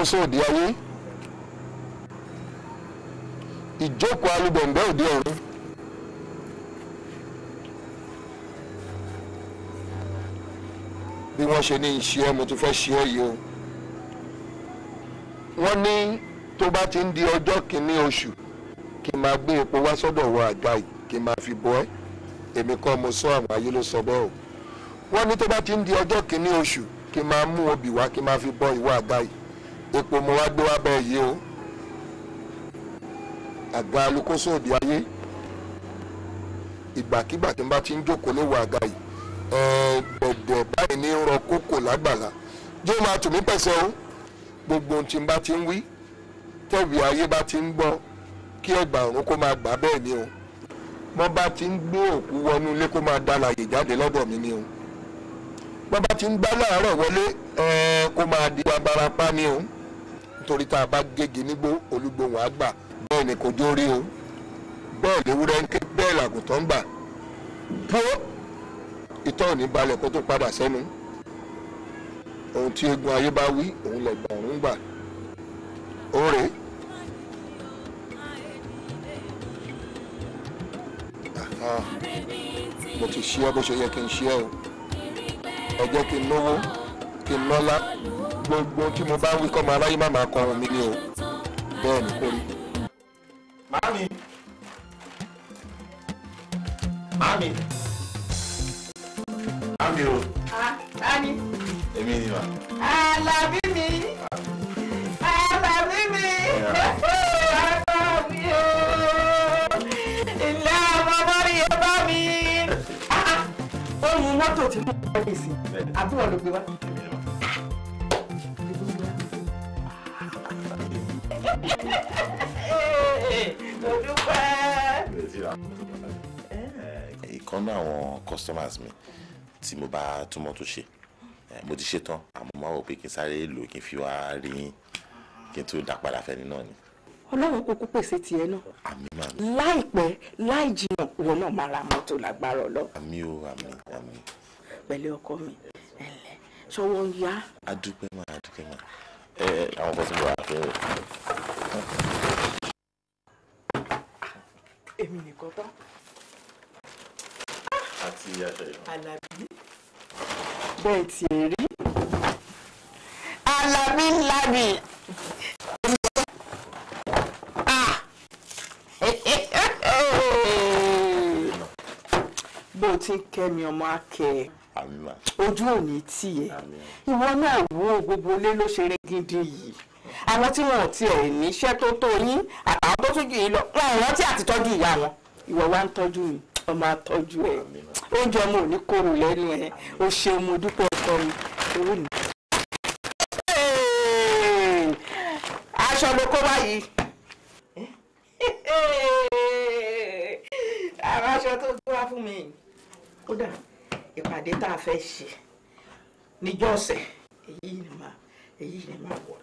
ṣàkóso òde ayé ìjókòó alúgbọ̀nbẹ́ òde ọ̀run bí wọ́n ṣe ní í ṣe ẹ́ mo ti fẹ́ ṣe ẹ́ yìí o wọ́n ní tó bá ti ń di ọjọ́ kìíní oṣù kí n máa gbé epo wá sọ́dọ̀ wọ àga yìí kí n máa fi bọ́ ẹ́ èmi kọ́ mo sọ àwọn ayé ló sọ bẹ́ẹ̀ o wọ́n ní tó bá ti ń di ọjọ́ kìíní oṣù kí n máa mú obì wá kí n máa fi bọ́ ìwọ àga yìí Epo mo wá gbé yìí o àga alukoso òde ayé ìgbàkigbà tí n bá ti ń jókòó lówó àga yìí gbọ̀gbọ̀ báyìí ní rọ kókò lágbàlá yóò máa tù o gbogbo ohun n bá ti ń wí aye ayé bá ti ń gbọ́ kí ẹgbà ọ̀run kó máa gbà bẹ́ẹ̀ ni o mo bá ti ń gbé òkú wọnú ilé kó máa dalàyè jáde lọ́dọ̀ mi ni o mo bá ti ń gbá láàárọ̀ wọlé kó máa di abarapa ni o. nítorí tá a bá gégi nígbó olúgbòhùn àgbà bẹ́ẹ̀ ni kò jó rí o bẹ́ẹ̀ léwúrẹ́ ń ké bẹ́ẹ̀ làgùntàn ń bà bó ìtọ́ ò ní balẹ̀ kó tó padà sẹ́nu ohun tí egun ayé bá wí òun lẹ̀gbà ọ̀run gbà ó rèé. mo ti ṣe ẹ bó ṣe yẹ kí n ṣe ẹ ẹ jẹ́ kí n lówó kí n lọ́lá gbogbo tí mo bá wí kọ́ máa láyé má máa kọrùn mi ni o bẹ́ẹ̀ ni kò rí. màámi màámi màámi o. Ah, ani. èmi ni wa. alábí mi alábí mi bàbá mi o ilé ọmọ rí ẹ bá mi. ohun ah, ah. mọ́tò tí mo bá wọlé sí àbúrò ló gbé wá. mo dúpẹ́. ìkan náà àwọn customers mi tí mo bá túmọ̀ tó ṣe mo ti ṣetán àmọ́ máa wò pé kí n sáré lò kí n fi wá rí kí n tó dá padà fẹ́ni náà ni. ọlọ́run kúkú pèsè tiẹ̀ náà. àmín màmí. láìpẹ́ láì jìnnà wọn náà máa ra mọ́tò lágbára ọlọ́run. àmín o àmín àmín. pẹ̀lú ọkọ mi ẹ̀lẹ́ ṣọwọ́ ń yá. adúpẹ́ máa adúpẹ́ máa ẹ àwọn bọ́sùn bọ̀ wá èmi nìkan tán. àti àṣeyọ. alábí bẹ́ẹ̀ tí ẹ rí alábí lábì. Ah. bó o ti ń kẹ́mi ọmọ akẹ́ ojú ò ní tì ìwọ náà wo gbogbo ilé ló ṣe rẹ́gídí yìí àwọn tí wọn ò tiẹ̀ níṣẹ́ tó tó yín àtàwọn tó tún jù yín lọ wọn ò rántí àti tọ́jú ìyá wọn ìwọ wa ń tọ́jú mi ọmọ àtọ́jú ẹ oúnjẹ ọmọ ò ní korò lẹ́nu ẹ o ṣeun mo dúpẹ́ ọkọ mi owó mi. aṣọ ló kó báyìí àwọn aṣọ tó gbé wá fún mi kódà ìpàdé tá a fẹ́ ṣe níjọ́ ọ̀sẹ̀ èyí ni màá èyí rẹ̀ máa wọ̀ lọ.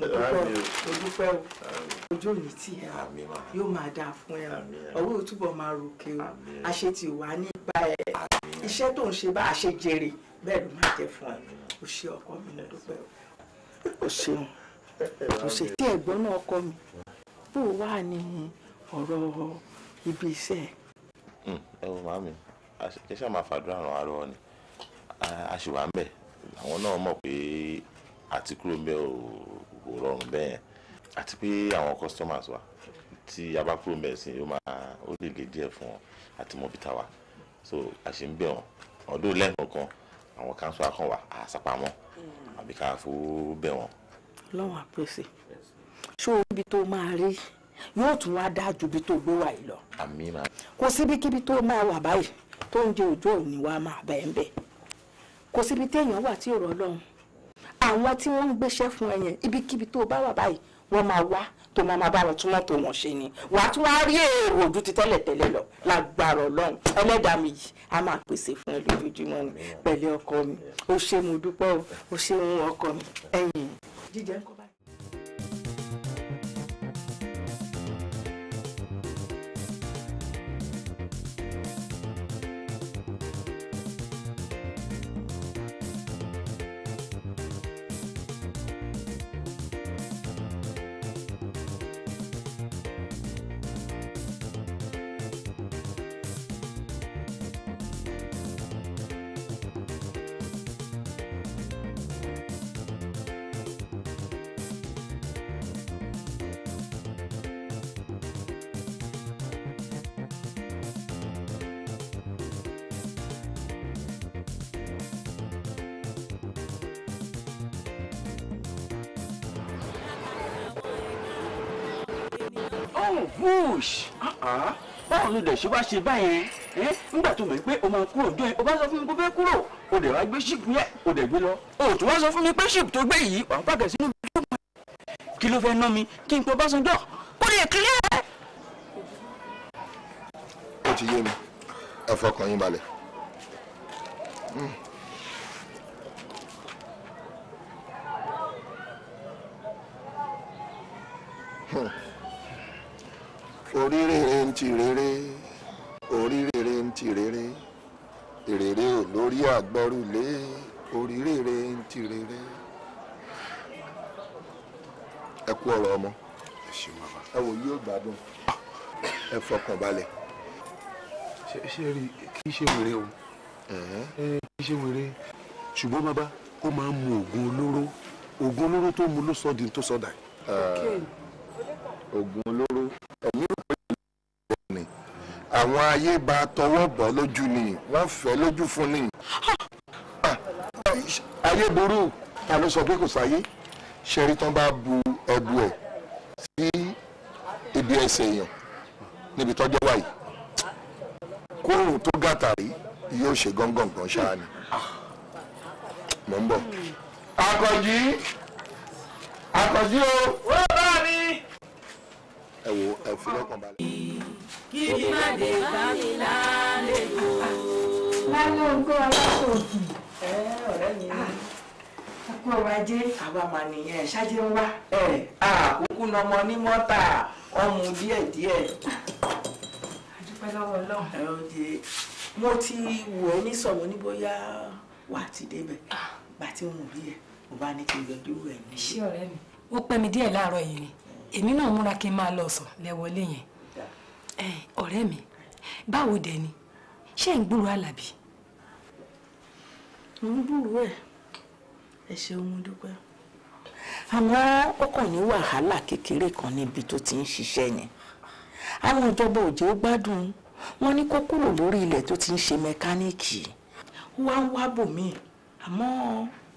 mo dúpẹ́ o ojú òní tì ẹ́ yóò máa dáa fún ẹ ọwọ́ òtúbọ̀ máa ròkè o àṣetì wà nípa ẹ iṣẹ́ tó ń ṣe bá àṣejèrè bẹ́ẹ̀ ló máa jẹ́ fún ẹ o ṣe ọkọ mi mo dúpẹ́ o o ṣeun o ṣe tí ẹ̀gbọ́n náà kọ́ mi bó o wà ní ọ̀rọ̀ ibi iṣẹ́ ẹ. Hmm, ẹ wo màmí ẹ ṣáà máa fàdúrà ràn án lọ́wọ́ ni a ṣì wà ń bẹ̀ àwọn náà mọ̀ pé àti kúrò ń bẹ ò rọrùn bẹ́ẹ̀ àti pé àwọn customers wa tí a bá kúrò ń bẹ sí yóò máa ó lè lè díẹ̀ fún wọn àti mọ́bítà wa so a ṣe ń bẹ̀ wọ́n ọdún lẹ́ẹ̀kọ̀ọ̀kan àwọn kanṣu akàn wà á sápamọ́ mm. àbí ká fowó bẹ̀ wọ́n. ọlọ́run àpèsè ṣó ibi tó máa rí yóò tún wá dáa ju ibi tó gbé wà yìí lọ. àmín kò síbikíbi tó máa wà báyìí tó ń jẹ òjò òní wa máa bẹ̀ ń kò síbi téèyàn wà tí ò rọ́ lọ́hùn àwọn tí wọ́n ń gbéṣẹ́ fún ẹ yẹn ibikíbi tó bá wà báyìí wọ́n máa wá tó máa máa bá wọn tún mọ́tò wọn ṣe ni wà á tún wá rí èrò ojú ti tẹ́lẹ̀tẹ́lẹ̀ lọ lágbára ọlọ́run ẹlẹ́dàá mi yìí a máa pèsè fún ẹ lójoojúmọ́ ni pẹ̀lẹ́ ọkọ mi ó ṣe mo dúpẹ́ ó ṣe ohun ọkọ mi ẹ̀yìn jíjẹ́ kọ́. ṣe wá ṣe báyẹn ẹ nígbà tó mọ̀ pé o máa kúrò jọ yẹn o bá sọ fún mi kó fẹ́ kúrò o dẹ̀ wá gbé ṣíìpù yẹn o dẹ̀ gbé lọ o tún wá sọ fún mi pé ṣíìpù tó gbé yìí wà ń pàgẹ́ sínú mi ló mọ̀ kí ló fẹ́ ná mi kí n pe Ọbásanjọ́ kó lè kílẹ̀. ó ti yé mi ẹ fọkàn yín balẹ̀. Hmm. Hmm. oríire ń ti rere orírèrè ń ti rere èrèrè ò lórí àgbọrúlé orírèrè ń ti rere. ẹ kú ọ̀rọ̀ ọmọ ẹ wò yóò gbádùn ẹ fọkàn balẹ̀. ṣe rí kí ṣe wèrè o kí ṣe wèrè ṣùgbọ́n bàbá ó máa ń mu oògùn olóró oògùn olóró tó mu ló sọ di tó sọ dà. oògùn olóró àwọn ayé bá tọwọ́ bọ̀ lójú ni wọ́n fẹ́ lójú fún ni. ayé burú ta ló sọ pé kò sáyé ṣẹ́rí tán bá bu ẹbu ẹ̀ sí ibi ẹsẹ̀ èèyàn níbi tọ́jọ́ wà yìí kóòrùn tó gàtàrí yóò ṣe gángan kan ṣáá ni mò ń bọ̀. akọ̀jí akọ̀jí o. wọ́n bá mi. ẹ wo ẹ fi lọ́kàn balẹ̀ kí ni má dé bá mi lálejò. lálẹ́ ògbó aláṣọ òkè. ẹ ọ̀rẹ́ mi ah, kú ọrọ̀ ajé. àwa mà nìyẹn ṣáájú ń wá. ẹ àkókò nọmọ ní mọ́tà ọmú díẹ̀díẹ̀. àdúpẹ́ lọ́wọ́ ọlọ́run. ẹ ó di mo ti wò ó ní sọ̀rọ̀ ní bóyá wà á ti débẹ̀ ah. gbà tí mo rí ẹ mo bá ní kí n yọjú rẹ ní. ṣé ọ̀rẹ́ mi ó pẹ́ mi díẹ̀ láàárọ̀ yìí ni mm. èmi náà múra kí n máa lọ sọ lẹ́wọ́lé yẹn ọ̀rẹ́ mi báwo dẹ̀ ni ṣé ń gbúrò àlàbí. mo ń gbúrò ẹ ẹ ṣeun mo dúpẹ́. àmọ́ ó kàn ní wàhálà kékeré kan níbi tó ti ń ṣiṣẹ́ yẹn àwọn ìjọba òjò ó gbádùn wọn ní kó kúrò lórí ilẹ̀ tó ti ń ṣe mẹkáníìkì. wá ń wá bòmíì àmọ́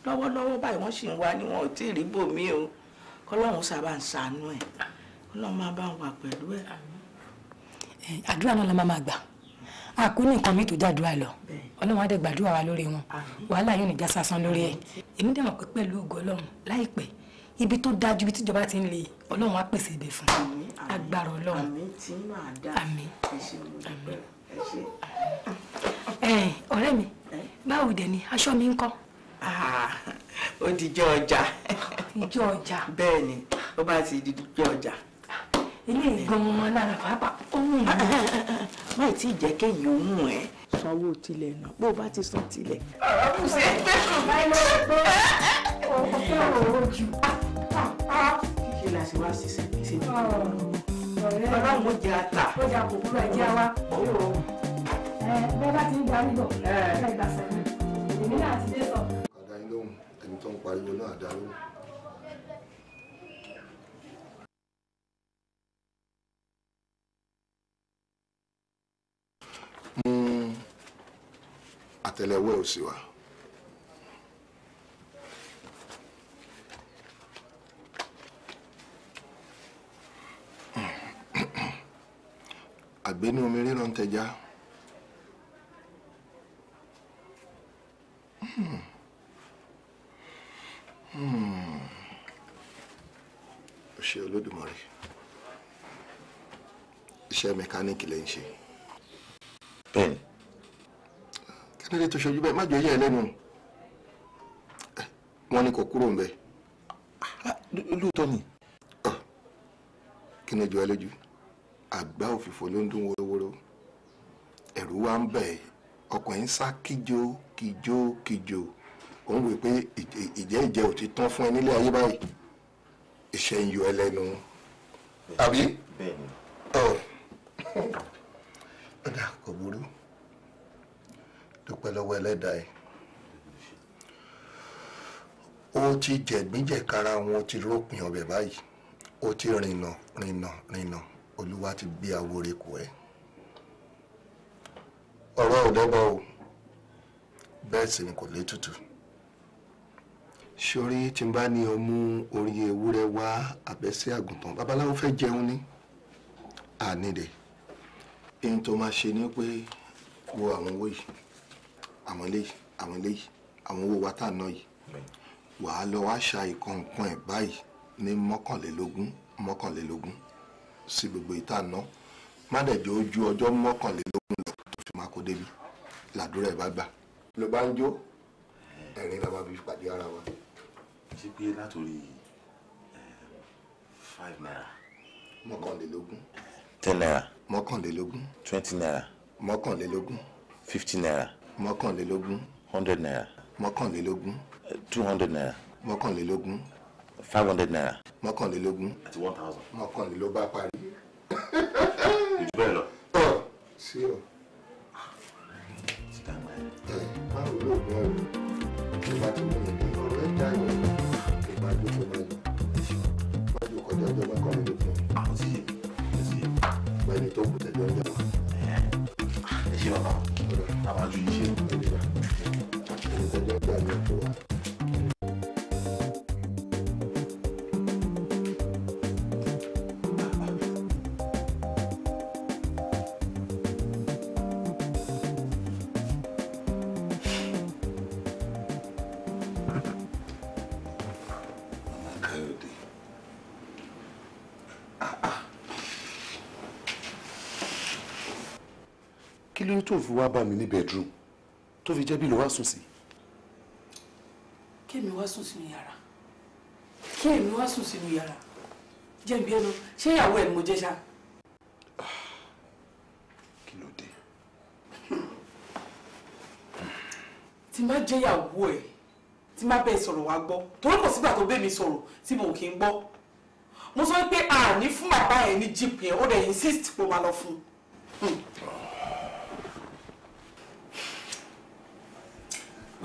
lọ́wọ́lọ́wọ́ báyìí wọ́n sì ń wá ní wọn ò tí ì rí bòmíì o kọ́lọ́hún sábà ń ṣàánú ẹ̀ kọ́lọ́hún máa bá wà pẹ̀lú ẹ̀ àdúrà náà la máa máa gbà a kú ní nǹkan mi tó jàdúrà lọ ọlọ́run á dẹ̀ gbàdúrà wa lórí wọn wàhálà yóò ní já sásán lórí ẹ̀ èmi dẹ̀ mọ̀ pé pẹ̀lú ògo ọlọ́run láìpẹ́ ibi tó dájú ibi tíjọba ti ń le ọlọ́run á pèsè ibẹ̀ fún agbára ọlọ́run àmín àmín ọ̀rẹ́ mi báwo dẹ̀ ni aṣọ mi ń kọ́. Ah, ó dijọ́ ọjà. dijọ́ ọjà. bẹ́ẹ̀ ni ó bá ti dijọ́ ọjà ah, eléyìí gan-an lára pàápàá ó mú eh, eh, eh, ìlú. tí ì jẹ́ kéyìí sanwó tilẹ̀ náà bó o bá ti san tilẹ̀. ọ̀rọ̀ kù sí ẹgbẹ́ kan báyìí lọ́wọ́ pé ọ̀pọ̀ pé òwò jù. kíkì la ṣe wá ṣiṣẹ́ ṣe ní ọ̀rẹ́ bàbá mo jẹ ata. ó jà kò kúrò ẹ̀jẹ̀ wa. bẹ́ẹ̀ ti ń darí bọ̀ ẹ̀ ẹ̀ gbà sẹ́yìn èmi náà ti dé sọ. àdáyé lóhùn ẹni tó ń pariwo náà dá lóhùn. mú àtẹ́lẹwọ́ òsì wa. àgbénú omi ríran tẹja. Hmm. Hmm. Ó ṣe Olódùmarè. Iṣẹ́ mẹkáníìkì lẹ ń ṣe bẹ́ẹ̀ mm. kí ló dé tó ṣojú bẹ́ẹ̀ má jọ yẹ ẹ lẹ́nu wọ́n ní kò kúrò ń bẹ. Ah, lóòótọ́ ni. Ah, kí ni jọ ẹ lójú àgbá òfìfo ló ń dún wórówóró ẹ̀rù wa ń bẹ̀ ọkùnrin ń sá kíjo kíjo kíjo òun wò pé ìjẹ́ ìjẹ́ ò ti tán fún ẹ nílé ayé báyìí ìṣẹ̀yìn yọ ẹ lẹ́nu àbí. bẹ́ẹ̀ni. Oh. ọ̀dà kò burú dúpẹ́ lọ́wọ́ ẹlẹ́dàá ẹ̀ ó ti jẹ̀gbíjẹ̀kara wọn ti rópin ọbẹ̀ báyìí ó ti rìnà rìnà rìnà olúwa ti gbé awore kù ẹ́ ọ̀rọ̀ ò lẹ́bọ̀ o bẹ́ẹ̀ sì ni kò létùtù sórí tí n bá ní ọ mú orí ewúrẹ́ wá àbẹ́sẹ̀ àgùntàn babaláwo fẹ́ jẹun ní àní rẹ̀ ihun tó máa ṣe ni pé wo àwọn owó yìí àwọn eléyìí àwọn eléyìí àwọn owó wa tá à ná yìí wàá lọ wá ṣa ìkọ̀ǹkan ẹ̀ báyìí ní mọ́kànlélógún mọ́kànlélógún sí gbogbo ìta ná má dẹ̀ jẹ́ ojú ọjọ́ mọ́kànlélógún lọ tó fi máa kó débi làdúrà ẹ̀ bá gbà ló bá ń jó ẹ̀rín la máa fi pàdé ara wa. ṣé pé látòrí eh, five naira. mọ́kànlélógún. ten naira mọ́kànlélógún. twenty naira. mọ́kànlélógún. fifty naira. mọ́kànlélógún. hundred naira. mọ́kànlélógún. Eh, two hundred naira. mọ́kànlélógún. five hundred naira. mọ́kànlélógún. àti one thousand. mọ́kànlélógún bá parí. ìjú bẹ́ẹ̀ lọ. ọ sí o. báwo ló gbọ́ ọ tó bá ti mú ìdí ọ̀rọ̀ ẹ̀ ẹni tó kù tẹ̀lé ọjà wa. ẹ ṣe bàbá àbájú yìí ṣe. fi wá bá mi ní bedroom tó fi jẹ́ bí ló wá sùn sí. kémi wá sùn sínú yàrá kémi wá sùn sínú yàrá jẹ̀bi ẹnu ṣé ìyàwó ẹ̀ ni mo jẹ́ ṣá. Ah, kí ló dé. tí má jẹ́ ìyàwó ẹ̀ tí má bẹ́ẹ̀ sọ̀rọ̀ wá gbọ́ torí kò sígbà tó bẹ́ẹ̀ mi sọ̀rọ̀ tí mo kì í gbọ́ mo sọ pé àní fún bàbá ẹ̀ ní jíìpì ẹ̀ ó dẹ̀ insist pé ó máa lọ fún un. Hmm. Ah.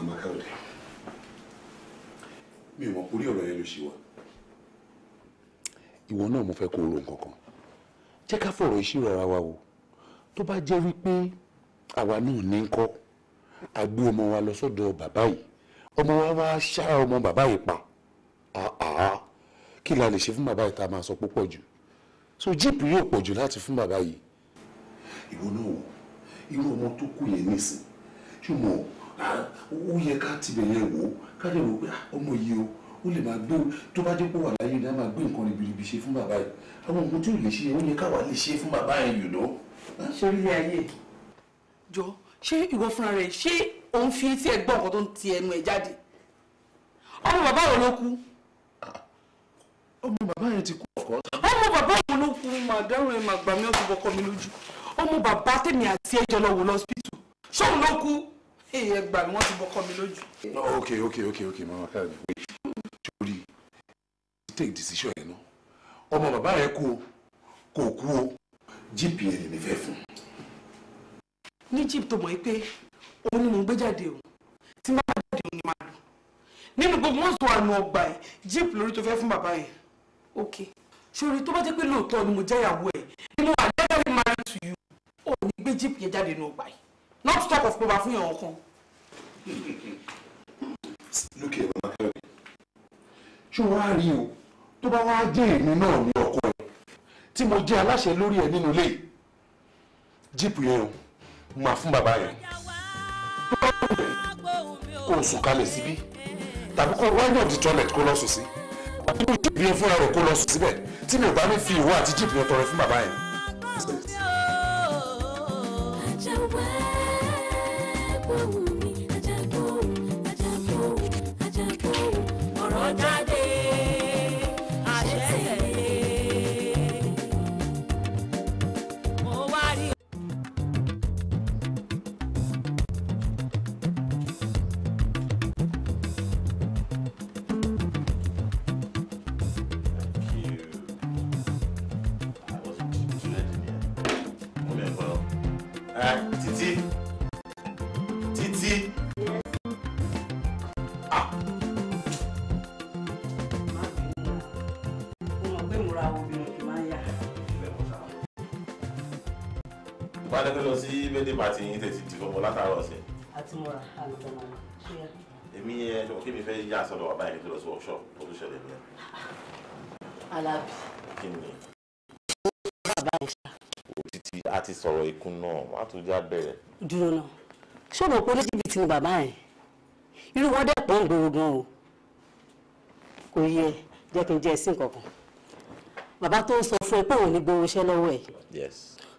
Màmá Káyọ̀dé, mi ò mọ̀ kórí ọ̀rọ̀ yẹn ló ṣe wá. Ìwọ náà mo fẹ́ kó o ro nǹkan kan. Jẹ́ ká fọ̀rọ̀ ìṣirò ara wa wò. Tó bá jẹ́ wípé àwa náà ní ń kọ́, a gbé ọmọ wa lọ sọ́dọ̀ bàbá yìí. Ọmọ wa wá ṣá ọmọ bàbá yìí pa. kí la lè ṣe fún bàbá yìí tá a máa sọ púpọ̀ jù. So jíìpù yóò pọ̀ jù láti fún bàbá yìí. Ìwọ náà wò, irú ọmọ tó kù yẹn nísìn. Ṣùgbọ́n Ah, ó yẹ ká tibẹ̀ yẹn wò ó ká lè rò pé ah, ọmọ yìí o ó lè máa gbé tó bá dé pé wà láyé ni a máa gbé nǹkan ribiribi ṣe fún bàbá yìí àwọn nǹkan tí ò lè ṣe ó yẹ káwa lè ṣe fún bàbá yẹn yòó náà. ṣé ilé ayé. jọ ṣé ìwọ fúnra rẹ ṣé òun fi etí ẹ gbọ́ nǹkan tó ń ti ẹnu ẹ jáde ọmọ bàbá wo ló kú. Ah. ọmọ bàbá yẹn ti kú ọkọ. ọmọ bàbá wo ló kú màdàrú ẹ màgbà mi ó ti bọkọ mi lójú ọmọ bàbá tèmi àti ẹjọ lọ wò lọ hospital ṣóun ló kú èyí ẹ gbà mí wọ́n ti bọ́kọ́ mi lójú. ok ok ok ok mama ká ní wait torí take decision yẹn náà ọmọ bàbá rẹ kú o kò kú o jíìpù yẹn ni fẹ́ fún. ní jíìpù tó mọ̀ pé òun ni mò ń gbé jáde o tí má bàa jáde òun ni màá lò nínú gbogbo wọn sọ àna ọgbà ẹ jíìpù lórí tó fẹ́ fún bàbá yẹn ok sori tó bá jẹ́ pé lóòótọ́ ni mo jẹ́ ìyàwó ẹ̀ ni mo wà lẹ́gbẹ̀rẹ́ married to you ò ní gbé jíìpù yẹn jáde nù ọgbà yìí not talk of plover fún èèyàn kan. lókè mama kẹrin ṣé wàá are you. To bá wàá jẹ èmi náà ní ọkọ ẹ tí mo jẹ aláṣẹ lórí ẹ nínú ilé jíìpù yẹn o máa fún bàbá yẹn tó bá wù ẹ kó o sùn toilet kó lọ sùn sí àbí kó jíìpù yẹn fúnra rẹ̀ kó lọ sùn síbẹ̀ tí mi ò bá ní fi ìwọ àti jíìpù yẹn jáde. bá ti yín tètè ti fọmọ látàárọ̀ ọ̀sẹ̀. àti mọ̀ra àlùfẹ́ máa ń é. èmi yẹn ṣọ̀kí mi fẹ́ yà sọ́dọ̀ bàbá yẹn tó lọ sí workshop tó tún ṣẹlẹ̀ nìyẹn. Alábí. kí ni. bàbá yẹn ṣá. òtítì a ti sọ̀rọ̀ ikún náà wọ́n á tún já bẹ̀rẹ̀. dúró náà ṣọ́nà kó lójúbìtì ni bàbá yẹn irú wọn dẹ̀ pọ̀ ń gbòòrò gan o kò yẹ jẹ́ kí n jẹ́ ẹ̀sìn kankan bàbá tó ń sọ fún ẹ pé òun ní gbowó iṣẹ́ lọ́wọ́ ẹ̀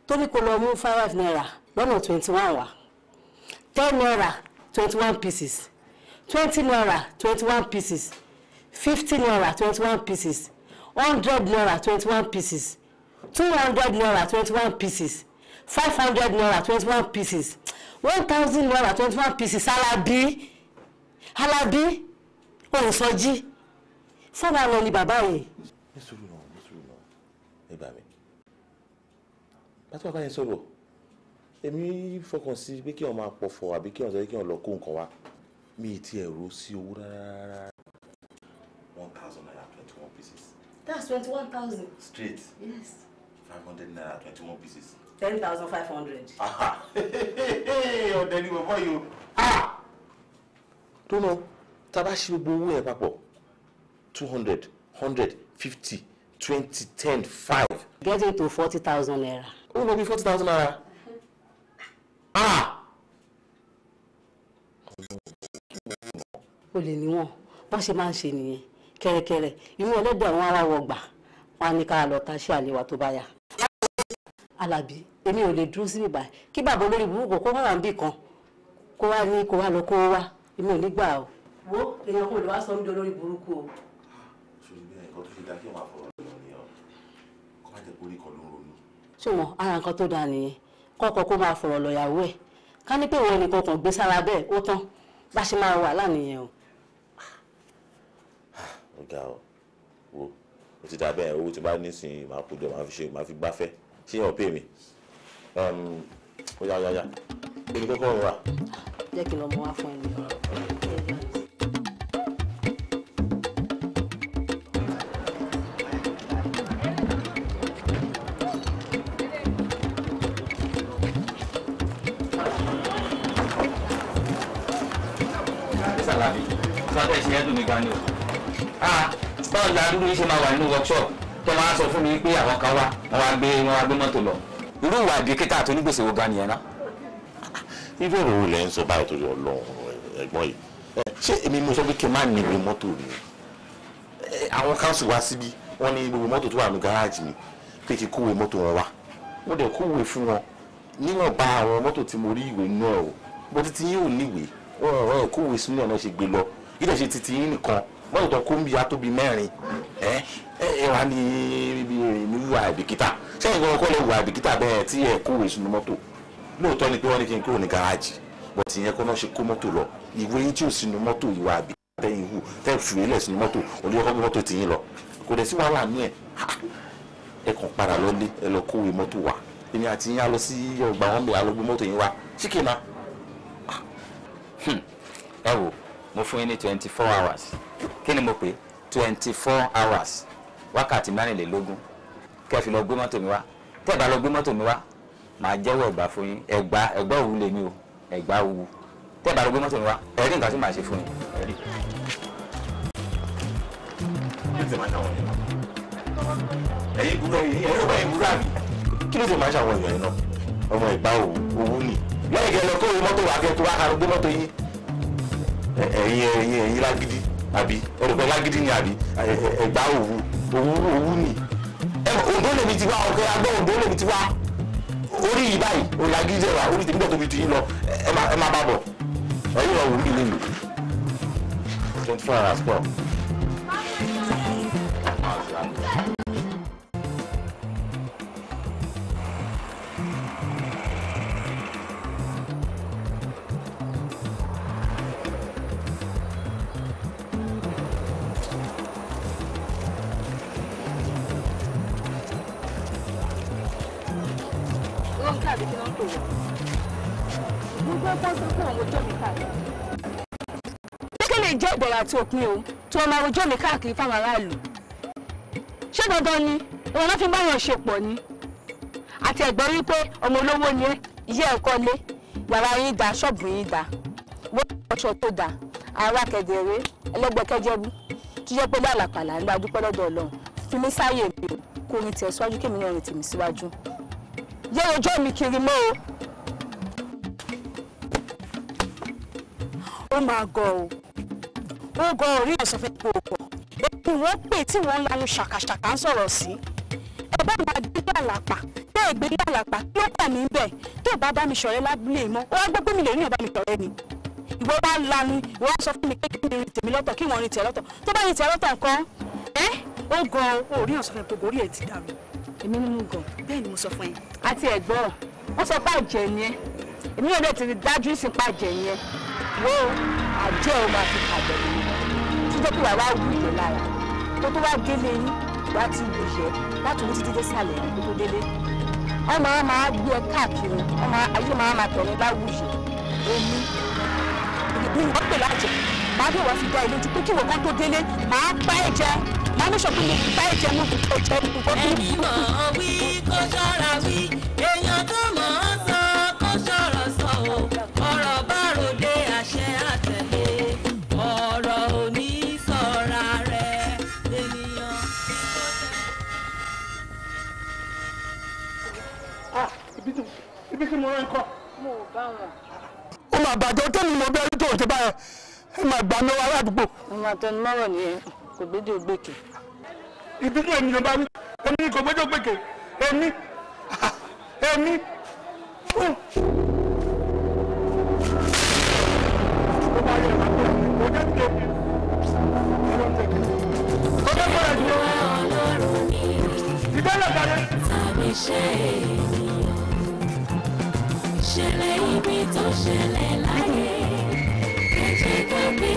torí kò lọ mú five naira lọ́nà twenty one wa, ten naira twenty one pieces twenty naira twenty one pieces fifty naira twenty one pieces hundred naira twenty one pieces two hundred naira twenty one pieces five hundred naira twenty one pieces one thousand naira twenty one pieces alabi alabi òǹsọjí fọlá lọ ni bàbá yìí. ní sùúrù náà ní sùúrù náà ẹ bá mi bá tí bàbá èmi fọkàn sí pé kí wọn máa pọ̀fọ̀ àbí kí wọn sọ pé kí wọn lọ kó nǹkan wá mi ì tiẹ̀ ro sí owó rárá. one thousand naira twenty one pieces. that's twenty one thousand. straight. yes. five hundred naira twenty one pieces. ten thousand five hundred. ọ̀dẹ̀ ni bàbá yìí o. tó náà tá a bá ṣe gbogbo owó yẹn papọ̀ two hundred hundred fifty twenty ten five. getting to forty thousand naira. ó lọ bí forty thousand naira. Ah! olè ni wọn bọ́n ṣe máa ń ṣe nìyẹn kẹ́rẹ́kẹ́rẹ́ inú ẹlẹ́dẹ̀ wọn ara wọ gbà wọn á ní ká lọ ta ṣé àlewà tó bá yà. alábí èmi ò lè dúró síbi báyìí kí bàbá olórí burúkú kó wà níbì kan kó wá ní kó wá lọ kó wá èmi ò ní gbà o. wo èèyàn kò lè wá sọ ní olórí burúkú o. ṣùgbọ́n ara nǹkan tó dáa nìyẹn kọ́kọ́ kó máa fọ̀rọ̀ lọ̀yàwó ẹ̀ ká ní pé ìwọ nìkan kàn gbé sára bẹ́ẹ̀ ó tán bá ṣe máa wà lánìyẹn o. ó ga ọ wo o ti dà bẹ́ẹ̀ owó tí bá nísìnyí máa kó jọ máa fi ṣe máa fi gbáfẹ́ ṣé yàn pè mí ó yá yá yá èmi kọ́kọ́ rọra. jẹ́ kí n lọ mọ wá fún ẹ nìyẹn. ẹsẹ̀ yẹn dùn mí gan ni o. báwo la dúró yìí ṣe máa wà nínú workshop tó máa sọ fún mi pé àwọn kan wá wọn wá gbé wọn wá gbé mọ́tò lọ. irú ìwà àdìkítà àti onígbèsè wo gan nìyẹn ná. irú ọ̀rọ̀ wo lẹ́ ń sọ báyìí torí ọlọ́run ẹ̀gbọ́n yìí ṣé èmi mo sọ pé kí n má ní ìwé mọ́tò mi àwọn káńsù wá síbí wọ́n ní gbogbo mọ́tò tó wà ní gáràjì mi pé kí kówó mọ́tò wọn wá mo dẹ̀ kówó fún wọn níwọ̀nba àwọn mọ́tò tí mo rí ìwé náà o mo ti ti yín ò níwèé wọn ò kówó sínú ọ̀nà ṣe gbé lọ kí lè ṣe titi yín nìkan mọ́tò tó kó ń bi atóbi mẹ́rin ẹ ẹ wà ní ibi èmi wà àìbìkítà sẹ́yìn kan kọ́ lè wà àìbìkítà bẹ́ẹ̀ tí ẹ kówèé sínú mọ́tò lóòótọ́ ni pé wọ́n ní kí n kúrò ní gáràjì bọ́t ìyẹn kọ́ náà ṣe kó mọ́tò lọ ìwé yín tí ò sínú mọ́tò ìwà àìbìkítà tẹ́yìn hù tẹ́yìn fìrẹ́lẹ̀ sínú mọ́tò olùyọ́kọ́ mọ́tò ti yín lọ kò dẹ̀ sí wàhálà ní ẹ̀ ẹ kàn wa èmi àti yín á lọ sí ọgbà wọn bẹ̀rẹ̀ á lọ gbé mọ́tò yín hmm. wò mo twenty four hours mo twenty four hours wákàtí mẹ́rìnlélógún kẹfì lọ gbé mọ́tò mi lọ gbé mi wa màá jẹ́wọ́ ẹ̀gbà fún o òwú lọ gbé mi wa ẹ̀rí nǹkan tí màá ṣe fún yín yìí yìí mi kí ló máa ṣàwọn náà ọmọ ìgbà òwú ni lẹ́yìn lọ kó mọ́tò ẹ̀yin ẹ̀yin ẹ̀yin lágídí àbí ẹ̀rọ̀pẹ̀ lágídí ni àbí ẹ̀gbá òwú òwú òwú ni òǹdó lèmi ti wá ọ̀kẹ́ agbọ́ òǹdó lèmi ti wá orí yìí báyìí òun lágídí jẹ́ orí tèmi náà tóbi tu yín lọ ẹ má bá bọ̀ lọ twenty four kí lè jẹ́ ìbẹ̀rẹ̀ àti òpin o tí wọ́n máa rojọ́ mi káàkiri fáwọn aráàlú ṣé dandan ni òun ló fi báyọ̀ ṣe pọ̀ ni àti ẹ̀gbọ́n rí pé ọmọ olówó ni iye ẹ̀kọ́ lé yàrá yín dá ṣọ́ọ̀bù yín dá wọ́n ọṣọ tó dá ara kẹ̀dẹ̀rẹ́ ẹlẹ́gbẹ̀kẹ́jẹ́bú tó jẹ́ pé lálàpàlà ń gbàdúpẹ́ lọ́dọ̀ ọlọ́run fi mí sáyè mi kò rìn tẹ̀síwájú kémi náà rìn tèmi síwájú yẹ́ ọjọ́ mi kiri mọ́ o ó máa gọ̀ o ó gọ̀ orí ọ̀sán fẹ́ pò pọ̀ èyí wọ́n pè tí wọ́n ń lanu ṣàkàṣàkà ń sọ̀rọ̀ sí ẹ bá máa gbé yàlàpà tẹ́ ẹ gbé yàlàpà kí ló kàn mí bẹ́ẹ̀ tó bá bá mi ṣọ̀rẹ́ lábúlé mọ́ ó wá gbọ́ pé mi lè ní ọ̀bá mi ṣọ̀rẹ́ ni ìwọ wá lanu ìwọ wá sọ fún mi pé kí n rin tèmi lọ́tọ̀ kí wọ́n rin tèmi lọ́tọ̀ tó bá rin tèmi lọ́tọ̀ nǹkan ẹ́ ó gan orí ọ̀sán fẹ́ gbogbo orí ẹ̀ ti dàrú èmi ni mo gàn bẹ́ẹ̀ ni mo sọ fún ẹ àti ẹ̀gbọ́n wọ́n sọ pé àjẹ́ ni ẹ́ èmi ò lè ti rí dájú ìsìnpá jẹ yẹn wo àjẹ ò máa fi kàjẹ mi títọ́ pé wàá wá wù yẹn lára tó tó wá délé yín wàá ti wù yẹ láti orí títí dé sàlẹ̀ yín tó tó délé ọmọ wa máa gbé ẹ káàkiri ọmọ ayé máa máa tọ̀ ẹ bá wù yẹ èmi ìdìbò ìwọ́n pè lájẹ màá bẹ̀ wá fi dá ẹ lójú pé kí wọ́n kó tó délé màá pa ẹ jẹ màá ní sọ pé mo pa ẹ jẹ mo kò jẹ mo kò tó. ẹni mọ̀ wí kó ṣọ́ra wí. máa tẹnu mọ́rọ̀ nìyẹn kò gbédè ògbèkè. ìbínú èmi ló bá wí èmi kò gbédè ògbèkè èmi èmi. Tàbí ibi tó ṣẹlẹ̀ láyé, ẹ jẹ́ ká bí.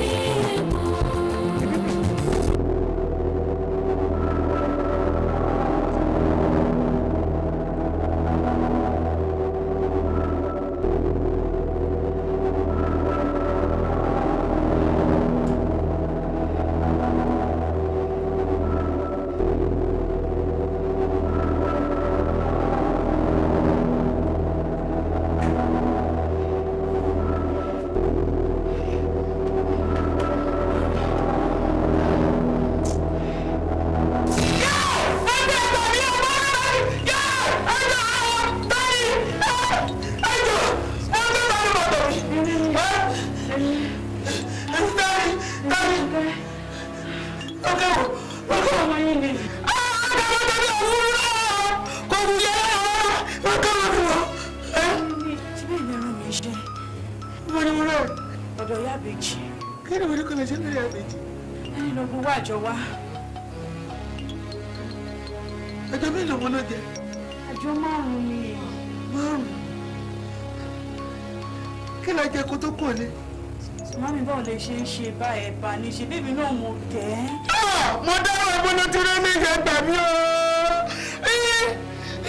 tó kò lé. Mami báwo lè ṣe ń ṣe báyìí ẹ̀bà ni ṣe bébí náà mo tẹ̀ ẹ́. Ah! Mo dáhùn ẹgbóná tí rẹ́ ní ìyá ẹgbà mi o. Iye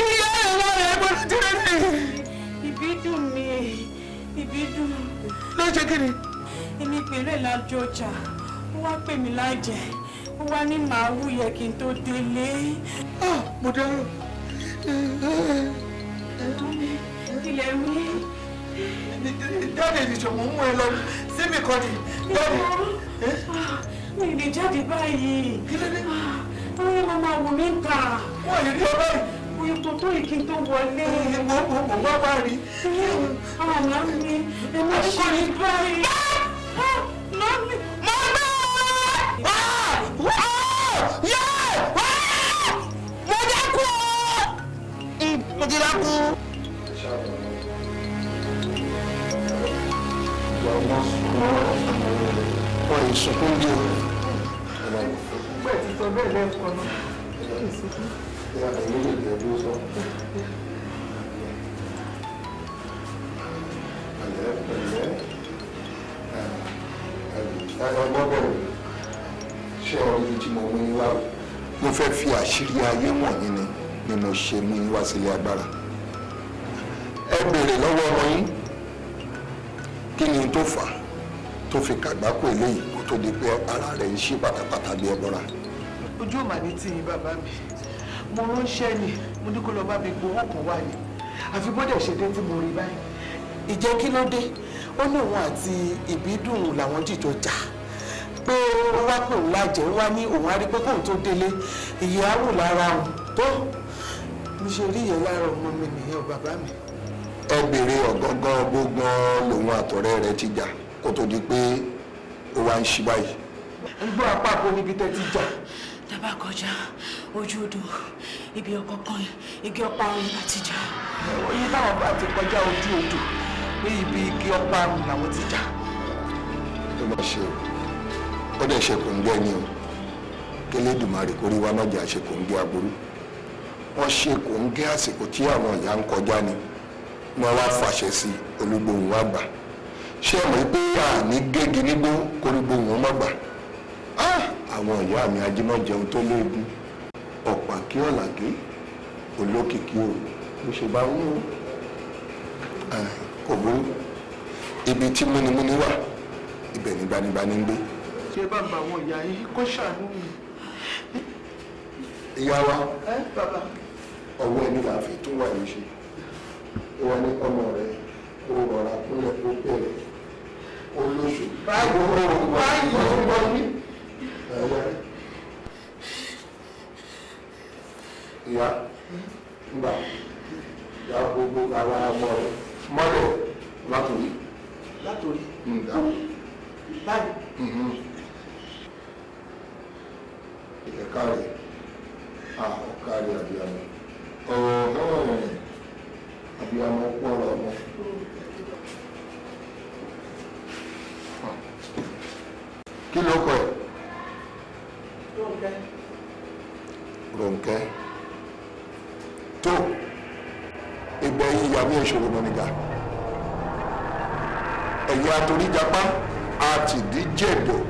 ẹ̀rọ ẹgbóná tí rẹ́ ní. Ìbí dùn mí, ìbí dùn. Ló ṣe kí ni? Èmi pẹ̀lú ẹ̀ lájọ ọjà, ó wá pè mí lájẹ̀, ó wá ní màá wù yẹ kí n tó délé. Ah! Mo dáhùn. Ilẹ̀ mi dáàdì ìṣòwò mú ẹ lọ síbi kan ni dáàdì. mi ì lè jáde báyìí àwọn ọmọ máa wù mí ta. wọ́n yìí rí ọ báyìí. oye tó tó yìí kí n tó wọlé. mo mo mo wá wá rí. àná mi ẹ má ṣe rí báyìí. àná mi mo gbé. mo dákú. mo ti wọ́n yìí sunkún jù. bẹ́ẹ̀ ti sọ bẹ́ẹ̀ lẹ́ẹ̀kan náà kí n sunkún. mo fẹ́ fi àṣírí ayé wọ̀nyí ni ni mo ṣe mú yín wá sílé agbára ẹ béèrè lọ́wọ́ ọmọ yín kí ni tó fà á tó fi kàgbákò eléyìí kó tó di pé ara rẹ̀ ń ṣí pátápátá bí ẹbọra. ojú ò mà ní tì yín bàbá mi mo ránṣẹ́ ni mo ní kó lọ bá mi gbowó kan wá ni àfi bọ́dẹ̀ ṣe dé tí mo rí báyìí ìjẹ́ kí ló dé ó ní òun àti ìbídùn làwọn dìjọ jà pé ó wá pé òun lájẹ ó wá ní òun á pé kóun tó délé ìyá wù lára òun tó mo ṣe rí ìyẹn lára ọmọ mi nìyẹn bàbá mi. ẹ béèrè ọ̀gángan gbógan lòun àtọ̀rẹ́ rẹ̀ ti jà kó tó di pé ó wá ń ṣí báyìí. gbọ́ àpapọ̀ níbi tẹ́ ti jà. dábàá kọjá ojú odò ibi ọkọ̀ kan igi ọ̀pá orin láti jà. oyin táwọn bá ti kọjá ojú odò ní ibi igi ọ̀pá orin làwọn ti jà. ó lọ ṣe ó dẹ̀ ṣe kò ń gbẹ́ ni o kélédùmarè kórí wa má ṣe kò ń gbé aburú wọ́n ṣe kò ń gé àsìkò tí àwọn ìyá ń kọjá ni. wọ́n wá fàṣẹ sí olúgbòhùn wá gbà ṣé ẹ mọ̀ pé àní gègé nígbó korígbòhùn wọn má gbà àwọn ìyá mi ajímọ̀jẹun tó lóògùn ọ̀pá kí ọ̀làgé olókìkí o ló ṣe bá wú kò burú ibi tí múnimúni wà ibẹ̀ ni gbanibani ń gbé. ṣé bá àwọn ìyá yìí kó ṣàánú mi. ìyá wa ọwọ́ ẹni làá fi tún wà ní ṣe ìwọ ní ọmọ rẹ kó rọra kúnlẹ̀ kó bẹ̀rẹ̀ olóṣù. báyìí ló ń bọ̀ báyìí ló ń bọ̀ mí. ìyá gbà ìyá gbogbo ara ọmọ rẹ mọ́lẹ̀ látòrí. látòrí. ǹda. Hmm, báyìí. ìkẹ́kẹ́ hmm. rẹ̀ àwọn kárí àbíyá mi. ọ̀hún àbí ọmọ pọ̀rọ̀ ọmọ. kí ló kọ ẹ. Rónkẹ́. Rónkẹ́ tó ìgbẹ̀yìn ìyàwó ìṣòro mọ́nìgà ẹ̀yà àtòríjàpá àtìdíjẹ̀dọ̀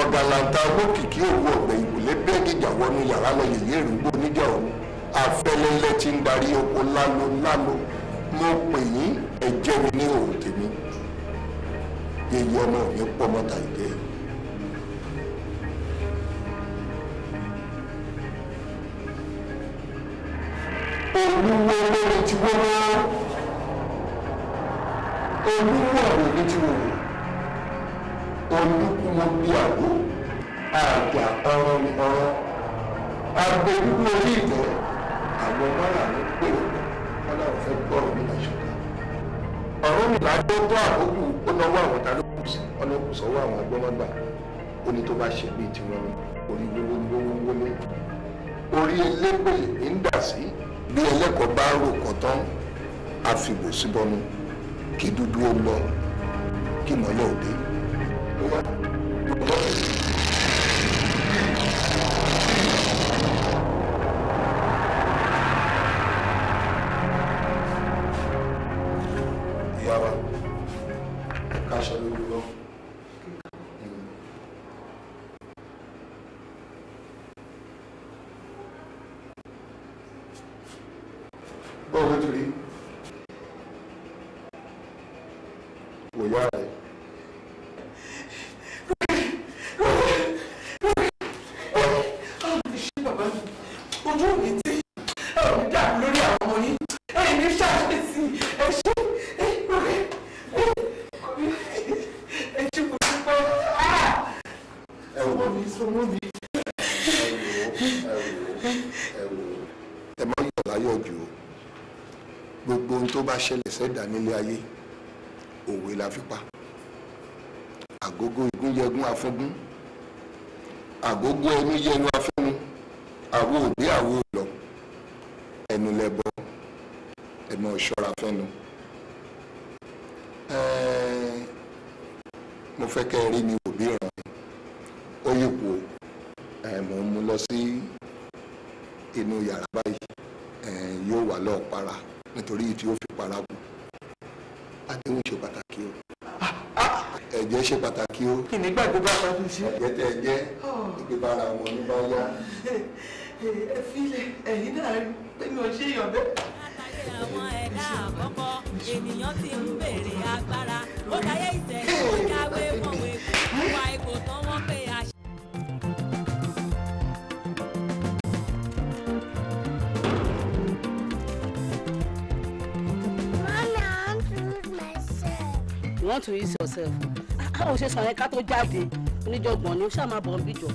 ọ̀gàlàǹtà olókìkí òwú ọ̀gbẹ̀ ìwòlẹ́bẹ́ẹ́gìjà wọnú yàrá lọ yèyé èrúgbó níjà ọ̀hún afẹ́lẹ́lẹ́ tí ń darí oko lálo lálo mo pè yín ẹ jẹ́ mi ní òun tèmi yeye ọmọ mi pọ̀ mọ́ta ìdẹ́ yìí. lórí ti wọ́n olúwo lórí ti wọ́n. ó ní tó bá ṣe bíi tiwọn ni orí wíwó ni wíwó wọlé orí elébè ń dà sí bí ẹlẹ́kọ̀ọ́ bá rò kàn tán àfìbò síbọnú kí dúdú ó lọ kí mọ́lẹ́ òde ló wá. ṣẹlẹ̀ sẹ́dá nílé ayé òwe la fi pa àgógó igun yẹgun afúngún àgógó ẹnu yẹnu afúnnu àwo òbí àwo lọ ẹnu lẹbọ ẹnu ọ̀ṣọ́ra fẹ́nu mo fẹ́ kẹ́ ẹ rí mi òbí ràn ó yípo mo mú lọ sí inú yàrá báyìí yóò wà lọ́ọ̀ para nítorí tí ó fi paraku àdéhùn ṣe pàtàkì o ẹ̀jẹ̀ ṣe pàtàkì o kí ni gbàgbé bá bá fi ṣe ẹ̀jẹ̀ tẹ̀ ẹ̀jẹ̀ ìgbé bára wọn ní bá yá. ẹ filẹ̀ ẹ̀yin náà pé mi ò ṣe èèyàn bẹ́ẹ̀. látàrí àwọn ẹ̀dá àkọ́kọ́ ènìyàn ti ń béèrè want to use yourself. was Káwọn ṣe sọ̀rọ̀ ká tó need your money. ó ṣáà máa bọ̀ ń bìjọ.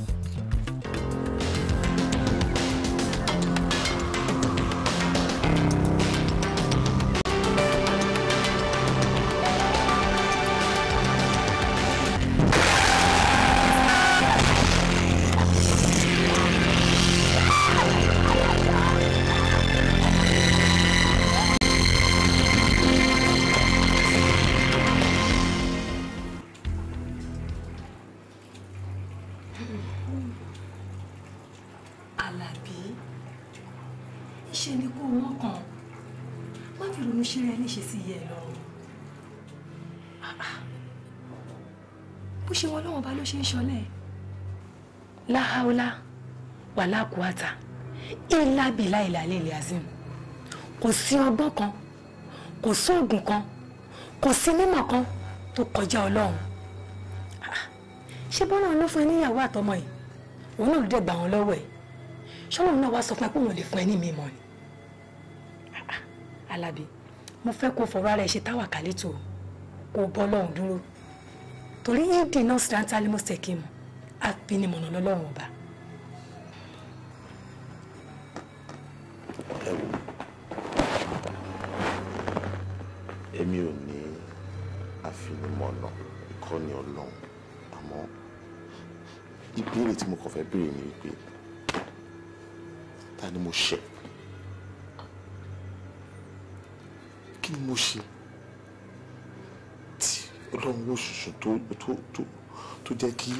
quwwata illa billahi al-ali azim kò sí ọgbọ́n kan kò sí oògùn kan kò sí mímọ̀ kan tó kọjá ọlọ́run ah, ṣé bọ́lá ló fún ẹ níyàwó àtọmọ yìí òun náà ló dẹ̀ gbà wọn lọ́wọ́ ẹ̀ ṣọ́wọ́n náà wá sọ fún ẹ pé òun lè fún ẹ ní mímọ̀ ni ah, ah, alábi mo fẹ́ kó fọwọ́ ara ẹ ṣe táwà kálítò kó bọ́ lọ́hùn dúró torí yín dì náà sírántálímọ́sẹ̀ kí mu àfinimọ̀nà lọ́lọ́run ọba. ẹ wò èmi ò ní àfinimọ̀nà ìkọ́ni ọlọ́run àmọ́ ìbéèrè tí mo kàn fẹ́ béèrè ni wípé ta ni mo ṣe kí ni mo ṣe tí ọlọ́run wò ṣùṣù tó tó tó jẹ́ kí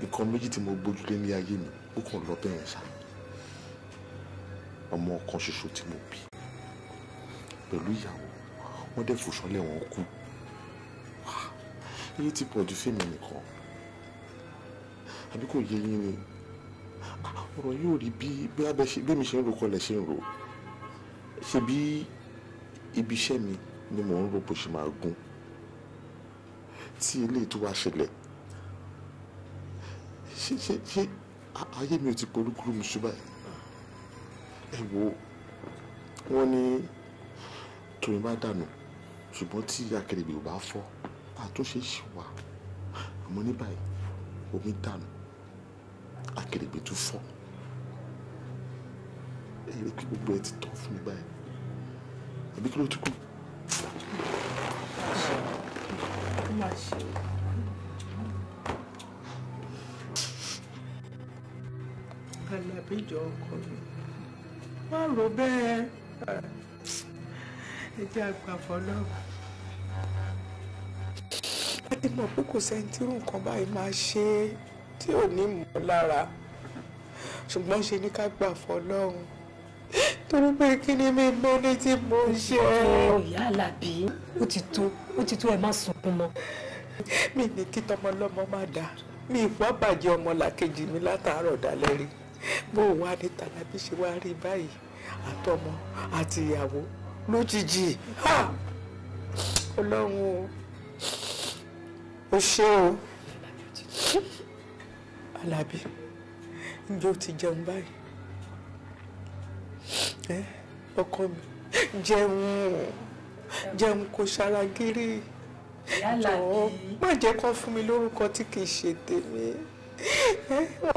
nǹkan méjì tí mo gbójúlé ní ayé mi ó kàn lọ bẹ́ẹ̀ ṣáà ọmọ kan ṣoṣo tí mo bí pẹ̀lú ìyàwó wọ́n dẹ̀ fòṣánlẹ̀ wọn kú èyí ti pọ̀ ju fèmí nìkan àbí kò yé yín ni ọ̀rọ̀ yóò rí bí bí mi ṣe ń ro kọlẹ̀ ṣe ń ro ṣe bí ibi iṣẹ́ mi ni mò ń ro bó ṣe máa gún tí eléyìí tó wá ṣẹlẹ̀ ṣe ṣe ṣe ayé mi ò ti polúkúrú mi ṣùgbọ́n ẹ wo wọ́n ní tòun bá dànù ṣùgbọ́n tí akèrègbè ò bá fọ́ àtúnṣe ṣì wà àmọ́ ní báyìí omi dànù akèrègbè tún fọ́ ẹ rí i pé gbogbo ẹ ti tọ́ fún mi báyìí àbí kí ló tún kù. máa ṣe o. alábíjọ ọkọ má rò bẹ́ẹ̀ ẹ jẹ́ àgbàfọ́ náà. a ti mọ̀ pé kò sẹ́ni tí irú nǹkan báyìí máa ṣe é tí ò ní mọ̀ lára ṣùgbọ́n ṣe ni ká gbà fọlọ́run torí pé kí ni mi mọ́ ní tí mo ṣe. ìyá alábí ó ti tó ó ti tó ẹ má sunkún mọ́. mi ní kí tọmọlọmọ má dáa mi ìfọ́ bàjẹ́ ọmọ làkejì mi látàárọ̀ dalẹ́ rí bó wá ní tàlàbí ṣe wá rí báyìí àtọmọ àti ìyàwó lójijì ọlọ́run o o ṣé o alábí ǹjẹ́ o ti jẹun báyìí ẹ ọkọ mi jẹun jẹun kò ṣara gírí jọ̀ọ́ má jẹ́ kó fún mi lórúkọ tí kì ṣe tèmi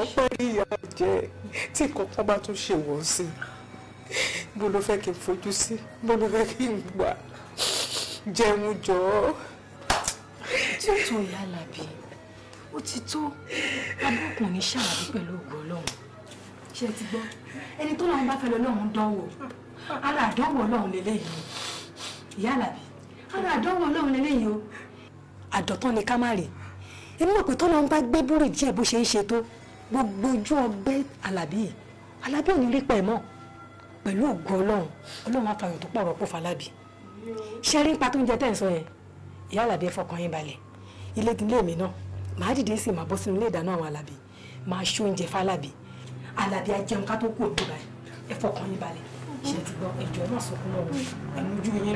ọpẹ́ rí ìyá jẹ tí kọ̀ọ̀kan bá tún ṣe wọ́n sí bó ló fẹ́ kí n fojú sí bó ló fẹ́ kí n gbà jẹun jọ ọ́. títún ìyá làbí ó ti tó abúkùn ní ṣàlàyé pẹ̀lú ògùn ọlọ́run ṣe ti gbọ́ ẹni tó lọ́run bá fẹ́ lọ lọ́run dánwò ara àdánwò ọlọ́run lélẹ́yìí ìyá làbí ara àdánwò ọlọ́run lélẹ́yìí o àdọ̀tán ni ká má rèé èmi mọ̀ pé tọ́lọ́ ń bá gbé búrì díẹ̀ bó ṣe ń ṣe tó gbogbo ojú ọgbẹ́ alábí yìí alábí ò ní rí pẹ̀ mọ́ pẹ̀lú ògo ọlọ́run ọlọ́run afàyàn tó pọ̀rọ̀ kó falábì ṣe rí ipa tó ń jẹ tẹ̀ ń sọ yẹn ìyá alábí ẹ fọkàn yín balẹ̀ ilé ìdílé mi náà màá dìde sí màá bọ́ sínú ilé ìdáná àwọn alábí máa ṣe oúnjẹ falábì alábí ajẹun ká tó kú òbí báyìí ẹ fọkàn yín balẹ̀ ṣe ti gbọ́ ẹjọ́ náà sọkún lọ́wọ́ ẹ̀mú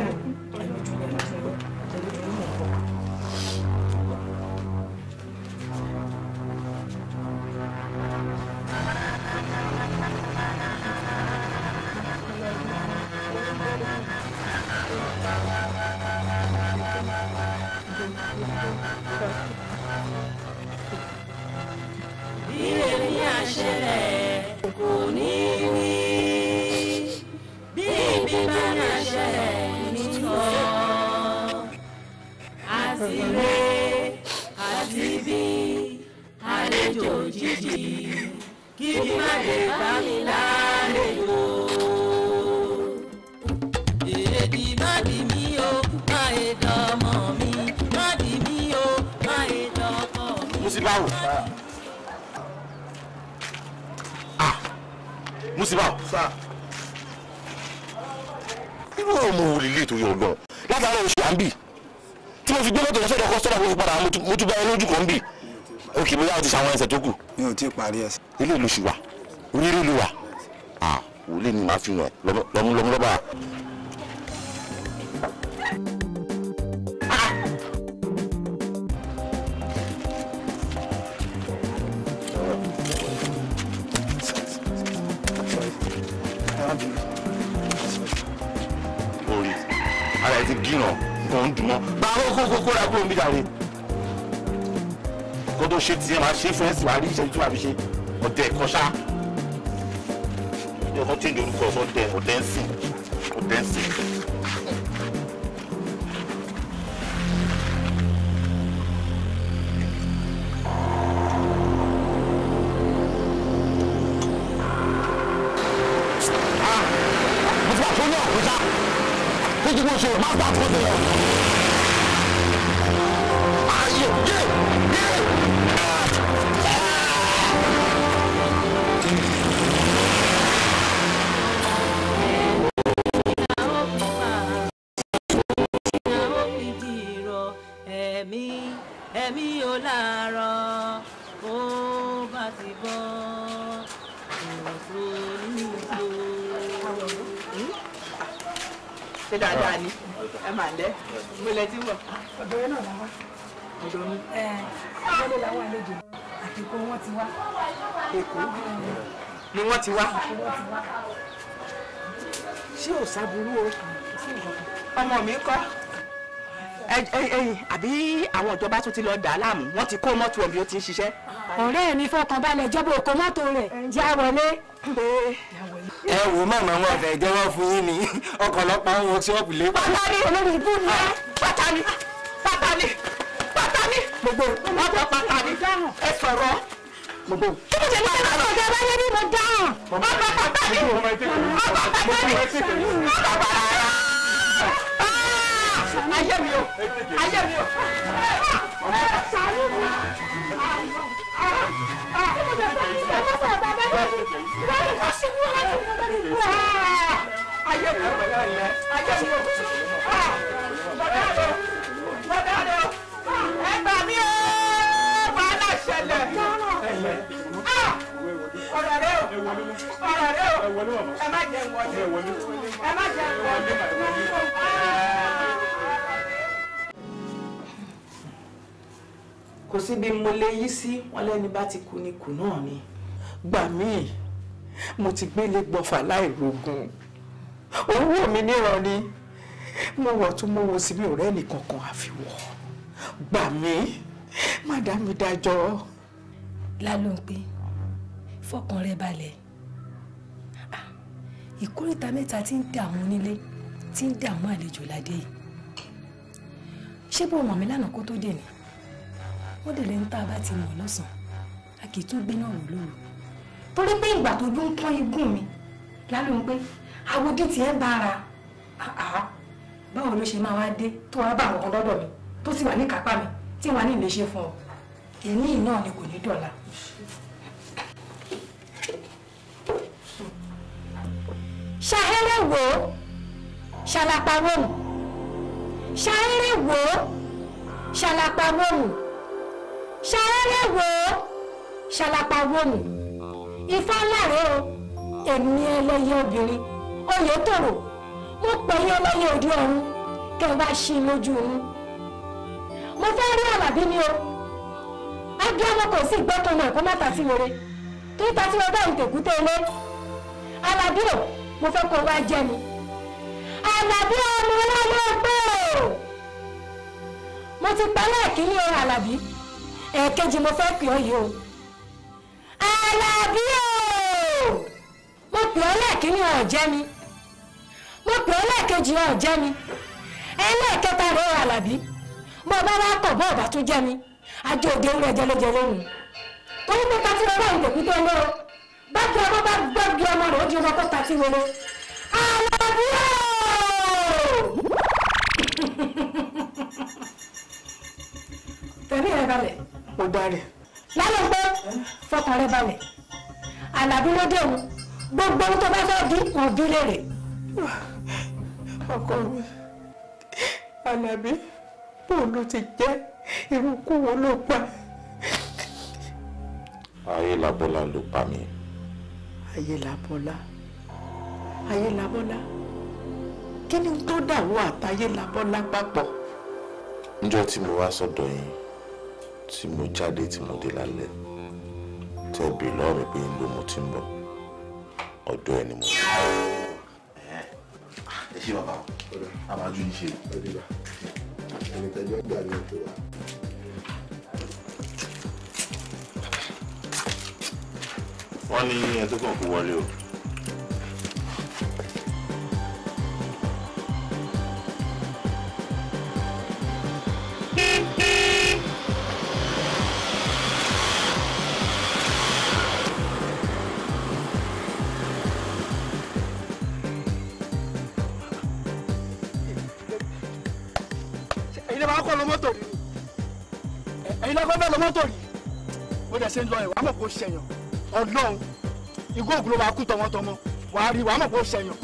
ṣàwọn ẹsẹ̀ tó kù. mi ò tí ì parí ẹsẹ̀. ilé ìlú ṣì wà onílé ìlú wà wòlé ni màá fi hàn lọ́mú lọ́mú lọ́ba. orí ara ẹ ti gíràn kò ń dùn mọ́ báwo kókó kóra kúrò níbi dàrí ṣe tiẹ̀ máa ṣe fún ẹ̀sìn wàá rí ìṣẹ́jú àfi ṣe ọ̀dẹ̀ ẹ̀kọ́ ṣá ọkọ̀ tí ìdorúkọ ọ̀dẹ̀ ọ̀dẹ̀ ń sìn ọ̀dẹ̀ ń sìn. ó láàárọ̀ bó bá ti bọ́ ṣe dáadáa ni ẹ máa lẹ mo lẹ ti wọ. ọ̀dọ̀ yẹn náà la wá. ọ̀dọ̀ mi. ẹ ọ̀dọ̀ la wà lóde àtẹkọ wọn ti wá. èkó ni wọ́n ti wá. ṣé ò sábúrú o ọmọ mi kọ́ àbí àwọn ìjọba tún ti lọ dà á láàmú wọ́n ti kó mọ́tò ọ̀bí ó ti ń ṣiṣẹ́. ọ̀rẹ́ mi fọkànbalẹ̀ ìjọba òkò mọ́tò rẹ̀ já wọlé. ẹ wò mọ̀mọ́ wọn fẹ́ jẹ́wọ́ fún yín ni ọ̀pọ̀lọpọ̀ ń wo ṣọ́ọ̀bù lé. pátá ni olórí ibú ni ẹ pátá ni pátá ni pátá ni gbogbo ọkọ̀ pátá ni ẹ sọ̀rọ̀ gbogbo. kí ló dé ní ọ̀rọ̀ ọ̀gá bá yẹ bí mo dáhùn. ọkọ̀ pátá ni ọkọ̀ pátá ni ọkọ̀ pátá ni ayé mi o ayé mi o ṣàánú mi. Ayé mi o, ayé mi o, bọ̀dá lọ, bọ̀dá lọ, ẹ gbà mí o, wàhálà ṣẹlẹ̀ ọ̀rọ̀ rẹ o ọ̀rọ̀ rẹ o ẹ má jẹ wọlé ẹ má jẹ wọlé. kò síbi mo lè yí sí wọn lẹ́ni bá ti kú ni kù náà ni. gbà mí mo ti gbélé gbọ̀fà láìrogun owó mi níran ni mo wọ̀ tún mo wo síbi ọ̀rẹ́ nìkankan àfiwọ̀ gbà mí má dá mi dájọ́. lálóńpé fọkàn rẹ balẹ̀ ah, ìkórìtà mẹ́ta tí ń tẹ àwọn onílé tí ń dẹ àwọn àlejò ládé yìí ṣé bó wọ̀n mi lánàá kó tó dé ni wọ́n dẹ̀ lẹ́nu tá a bá ti mọ̀ lọ́sàn-án a kì í tún gbé náà wò lóru torí pé ìgbà tó dún pọ́n igún mi lálẹ́ òun pé awodí tiẹ̀ ń bá ara àá báwo ló ṣe máa wá dé tó wá bá àwọn kan lọ́dọ̀ mi tó sì wà ní kápá mi tí wọ́n ní ìléṣe fún ọ ẹ̀ní náà ni kò ní dọ̀la. ṣàhẹ́rẹ́ wò ó ṣàlàpà wòmù ṣàhẹ́rẹ́ wò ó ṣàrẹ́rẹ́ wò ó ṣàlàpà wò mí ifá láàrẹ́ o èmi ẹlẹ́yẹ obìnrin oyè tòrò mo pè é ẹlẹ́yẹ òde ọ̀run kẹ́ ẹ bá ṣí i lójú ọ̀run mo fẹ́ rí àlàbí ni o abíọ́mọ kò sí ìgbọ́tọ̀ náà kó má ta sí wèrè tó ta sí wèrè báyìí tèkúté ilé àlàbí o mo fẹ́ kó wá jẹ́ mi àlàbí ọmọ ọlọ́mọ pé o mo ti pa lẹ́ẹ̀kí ní ọ̀rọ̀ àlàbí ẹ̀ẹ̀kejì mo fẹ́ pè ọ́ yìí o alábí o mo pè ọ́ lẹ́ẹ̀kínní ọ̀ jẹ́ mi mo pè ọ́ lẹ́ẹ̀kejì ọ̀ jẹ́ mi ẹlẹ́ẹ̀kẹta rẹ̀ ọ̀ alábí bọ́ ọ bá wá kọ̀ bọ́ ọ̀bà tún jẹ́ mi àjọ òde ń rẹ̀ jẹ́lẹ́jẹ́ lóhùn torí pé tatí rẹ̀ báyìí kò kú tó bá kí ọmọ bá gbọ́gbé ọmọ rẹ̀ ó di ọmọ kó tatí rere alábí o tẹ̀lé ẹ̀ balẹ̀ ó dárẹ̀. lálẹ́ pé fọkàn rẹ balẹ̀ àlàbí ló dé o gbogbo ohun tó bá fẹ́ bí òbí lèrè. ọkọ mi àlàbí bóun ló ti jẹ́ irú kú wo ló pa. ayélabọ́lá ló pa mí. ayélabọ́lá ayélabọ́lá kí ni tó dàrú àtayélabọ́lá papọ̀. níjọ́ tí mo wá sọ́dọ̀ yín tí mo jáde tí mo dé lálẹ́ tẹ́ ẹ bèèrè lọ́wọ́ mi pé ń bo mo ti ń bọ̀ ọ̀dọ̀ ẹ ni mo lọ. ẹ ṣe bàbá a máa ju iṣẹ́. wọ́n ní ẹjọ́ kan kò wọlé o. ṣe ń lọ yẹn wàá mọ̀ kó ṣẹyàn ọlọ́run igbó ògùn ló wàá kú tọmọtọmọ wàá rí wàá mọ̀ kó ṣẹyàn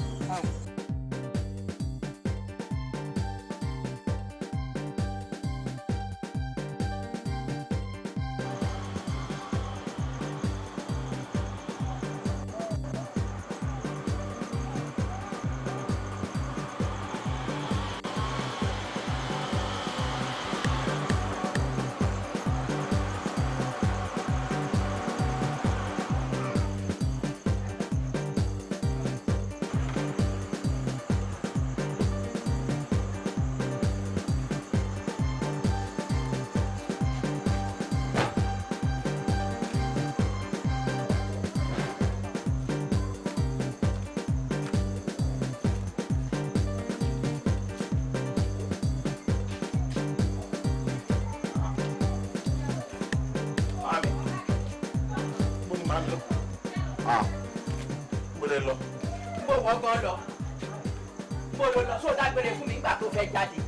fẹ́ jáde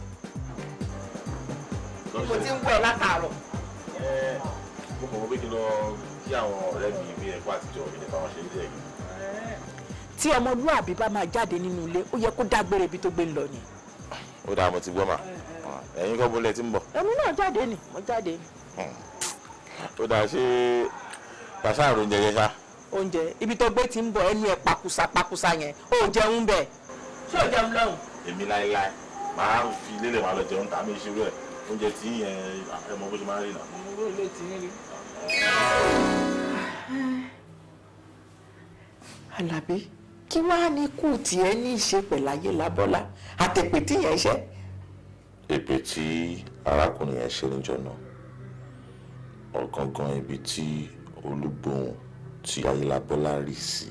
mo ti ń wẹ̀ látàárọ̀. mo kàn wọ́n pé kí lọ kí àwọn ọ̀rẹ́ mi bí ẹ̀kọ́ àtijọ́ mi nípa wọn ṣe ń tẹ̀lé. tí ọmọlúwàbí bá máa jáde nínú ilé ó yẹ kó dágbére ibi tó gbé ń lọ ni. ó dáa mo ti gbọ́ mà ẹ̀yin kọ́ bọ́lẹ̀ tí ń bọ̀. èmi náà jáde ni mo jáde ni. Hmm. ó dáa ṣe pàṣẹ àrùn oúnjẹ yẹn ṣá. oúnjẹ ibi tó gbé ti ń bọ̀ ẹnu ẹ̀ pakusa pakusa yẹn ó jẹun bẹ́ẹ̀ ṣé ò jẹun lọ́hùn. èmi láéláé máa fi lélẹ̀ máa lọ jẹun tà mí ìṣerú ẹ̀ oúnjẹ tí yẹn ẹ mọ bó ṣe máa ń rí nà. ilé tí ń rí. Àlàbí kí wàá ní kù tiẹ̀ ní í ṣe pẹ̀láyé lábọ́lá àtẹ̀pẹ̀ tí yẹn ṣe. èpè tí arákùnrin yẹn ṣe níjọ náà ọ̀gángan ibi tí olúgbòhùn tí ayélabọ́lá rì sí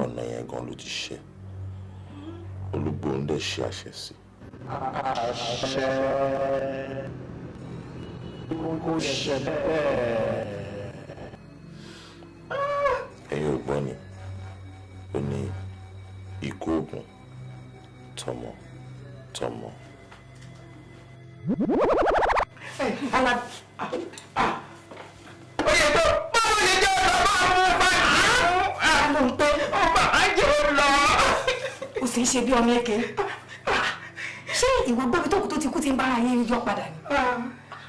ọ̀nà yẹn gan ló ti ṣe olúgbòhùn dẹ̀ ṣe àṣẹ sí àṣẹ kó ṣe bẹ́ẹ̀. ẹ̀yin ògbọ́n ni ó ní ikú oògùn tọmọ tọmọ. ẹ ala ó yẹ tó báwo ni jẹ́ ọ̀dọ́ bá mú bá a lò pé ọba àjẹ́ ò lọ. ó sì ń ṣe bí ọmọ èké ṣé ìwọ gbọ́ mi tó kù tó ti kú ti ń bára yín yọ padà ni ah.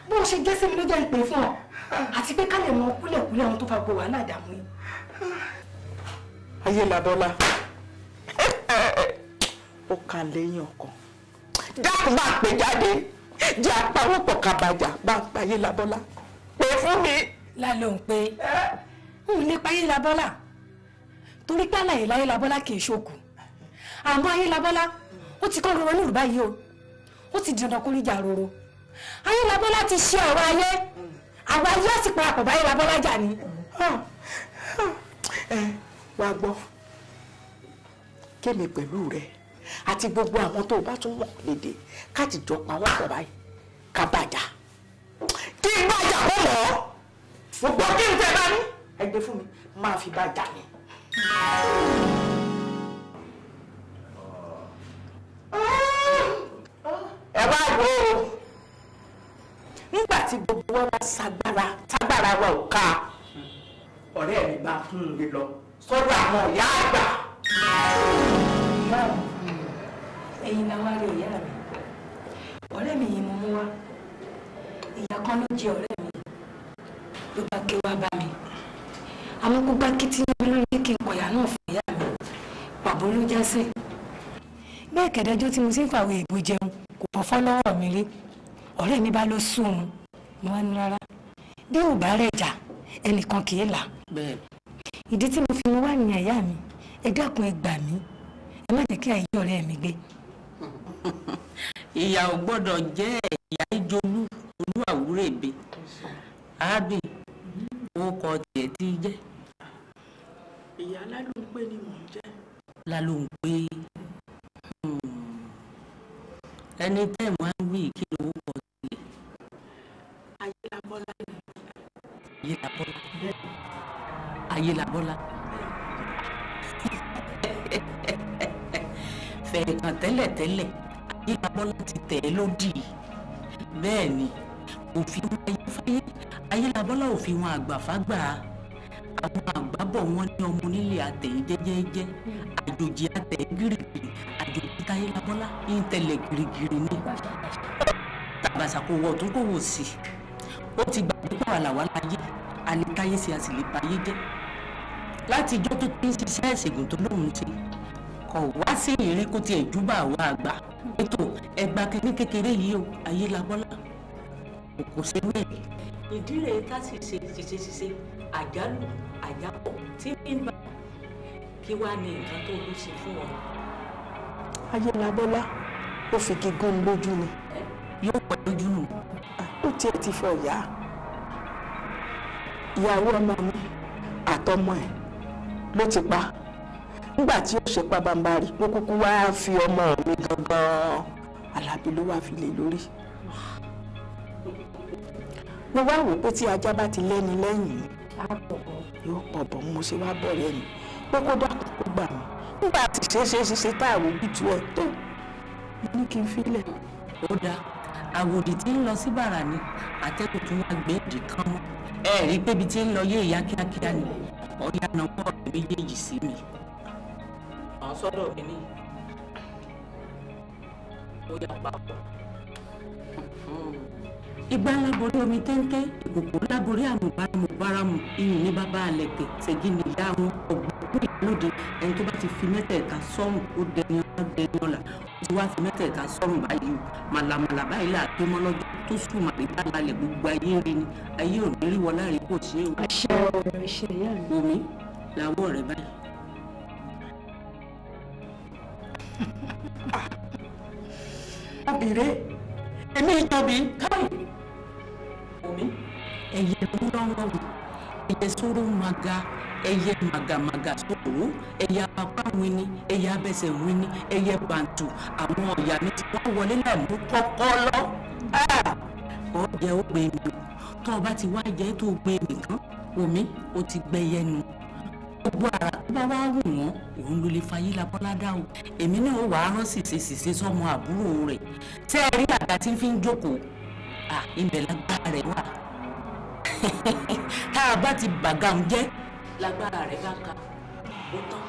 bó o ṣe jẹ́ sí mi ló jẹ́ ìpè fún ọ ah. àti pé ká lè mọ kúlẹ̀kúlẹ̀ ohun tó fa gbogbo wàhálà ìdààmú yìí. ayé ladọ́lá ó kàn lẹ́yìn ọkàn dáhùn bá pè jáde jẹ́ apáwọ́pọ̀ kàbàjà bá ń pa ayé ladọ́lá pè fún mi. lálẹ́ òun pé n ò lè pa ayé ladọ́lá torí pé àlàyé láyé labọ́lá kì í ṣòkù àmọ́ ayé labọ́lá ó ti kọ́ roro nílùú báyìí o ó ti di dandan kó roro ayé labọ́ láti ṣe ọ̀rọ̀ ayé àwọn ayé àti parapọ̀ báyé labọ́ lájà ni. ẹ wá gbọ́ kémi pẹ̀lú rẹ àti gbogbo àwọn tó o bá tún mọ̀ lédè káàtì jọ pa wọ́n pọ̀ báyìí ká bàjá kí n bàjá kó mọ̀ ọ́ gbogbo kí n tẹ́ bá ní ẹgbẹ́ fún mi máa fi bàjá ni. ẹ wá wo nígbà tí gbogbo wọn bá ṣagbára tágbára wa ò ká ọ̀rẹ́ mi bá fún mi lọ sọ́dọ̀ àwọn ìyá àgbà. ẹ̀yin la wá rí ìyá mi ọ̀rẹ́ mi yìí mo mú wá ìyá kan ló jẹ ọ̀rẹ́ mi ló bá ké wá bá mi àmọ́ kó tí níbi lórí kí n kọ̀yà náà fún ìyá mi pàbó ló já sí bẹ́ẹ̀ kẹ̀dẹ́jọ́ tí mo ti ń fàwọn èèbù jẹun kò bọ́ fọ́ lọ́wọ́ mi rí ọ̀rẹ́ mi bá ló sún un mo wá ní rárá dé ò bá rẹ̀ jà ẹnìkan kì í là. ìdí tí mo fi mú wá nìyẹn ìyá mi ẹ dákun ẹ gbà mí ẹ má jẹ́ kí àyè ọ̀rẹ́ mi gbé. ìyà ò gbọ́dọ̀ jẹ́ ìyá ìjolú olú àwúrò èbe ábì orúkọ tiẹ̀ ti jẹ́. ìyá lálùpẹ́ ni mò ń jẹ́. lálùpẹ́ ẹni tẹ́ ẹ̀ máa ń wí kí ló ń pọ̀ sí i. ayélabọ́lá ni. ayélabọ́lá. ayélabọ́lá. fẹ̀ẹ̀kàn tẹ́lẹ̀tẹ́lẹ̀ ayélabọ́lá ti tẹ̀ ẹ́ lódì bẹ́ẹ̀ ni òfin wọn ayé fáyé ayélabọ́lá òfin wọn àgbà fágbà àwọn àgbà bọ̀ wọ́n ní ọmọ onílé àtẹ̀yìn jẹ́jẹ́jẹ́ àjòjì àtẹ̀yìn gírígìrì àjòjì. Dayélabọ́lá ń tẹ̀lé girigiri ní tàbàṣà kò wọ̀ tó kò wò sí ó ti gbàgbé pọ̀ àlàwà láyé àlétáyé sí àsìlèpá ayé jẹ́ láti ijó tó ti ń ṣiṣẹ́ ìṣègùn tó lóun ṣe kọ̀ wá sí ìrírí kó tiẹ̀ júbà wá àgbà ètò ẹgbà kínní kékeré yìí o Ayélabọ́lá kò ṣe wẹ̀. ìdí rèé ká sì ṣe ṣiṣẹ́ ṣiṣẹ́ àjálù àjápọ̀ tí ń bá kí wàá ní nǹkan tó fún ọ ayélabọ́lá ó fi gígùn lójú ni. yóò pẹ́ lójú nù. Ah, ó tiẹ̀ ti fọ ìyá ìyàwó ọmọ mi àtọmọ ẹ̀ ló ti pa nígbà tí ó ṣe pabambarì ló kúkú wá fi ọmọ mi gangan alábí ló wá fi lè lórí mo wá wò pé tí ajá bá ti lẹ́ni lẹ́yìn yóò pọ̀ bọ̀ mo ṣe wá bọ̀ rẹ̀ ni pé kó dákun kó gbà mí nígbà tí ṣeéṣeéṣe tá àwọn ojútùú ẹ tó ní kí n filẹ̀. ó dáa àwòdì tí ń lọ sí bàrà ni àtẹ́kùn tí wọ́n gbé èdè kan mọ́ ẹ rí i pé ibi tí ń lọ yé ìyá kíákíá ni ọ̀yà náwó ọ̀rẹ́ méjèèjì sí mi. àwọn sọ́dọ̀ mi ní ó yà papọ̀ ìgbà ńlá borí omi tẹ́ńtẹ́ ìkòkò ńlá borí àmùbáramu báramu iyùn ní bàbá àlẹ̀kẹ̀ ṣẹ́gi ní ìyá wọn ọ̀gbọ́n ìlóde ẹni tó bá ti fi mẹ́tẹ̀ẹ̀ka sọ́run ó dẹni ọ̀la dẹni ọ̀la ó ti wá fi mẹ́tẹ̀ẹ̀ka sọ́run báyìí o màlàmàlà báyìí là tó mọ́lọ́jọ́ tó sùn màrígbà lálẹ́ gbogbo ayé rí ni ayé ò ní rí wọn láàrin kò ṣe é o. àṣẹ ọ̀rẹ́ ṣe yá mi. omi làwọn ọ̀rẹ́ báyìí. Ah! obìnrin omi ẹyẹ wúrọwọrọ ẹyẹ sóró maga ẹyẹ màgàmàgà sòrò ẹyẹ apá wini ẹyẹ abẹsẹ wini ẹyẹ bàǹtù àwọn ọ̀yà mi ti wọ́n wọlé náà mú kọ́kọ́ lọ. ó jẹ ó mi tó o ti wá jẹ tó o mi tán omi o ti gbẹyẹ nu gbogbo ara tó bá wá wù wọ́n òun ló lè fayé labọ́ládá o èmi náà wàá rán sìsesìse sọmọ àbúrò rẹ̀ tẹ́ ẹ rí àgbà tí ń fi ń jókòó Ah, ibẹ̀ lágbára rẹ̀ wà tá a bá ti bàgà ń jẹ́ lágbára rẹ̀ bá ka ó tán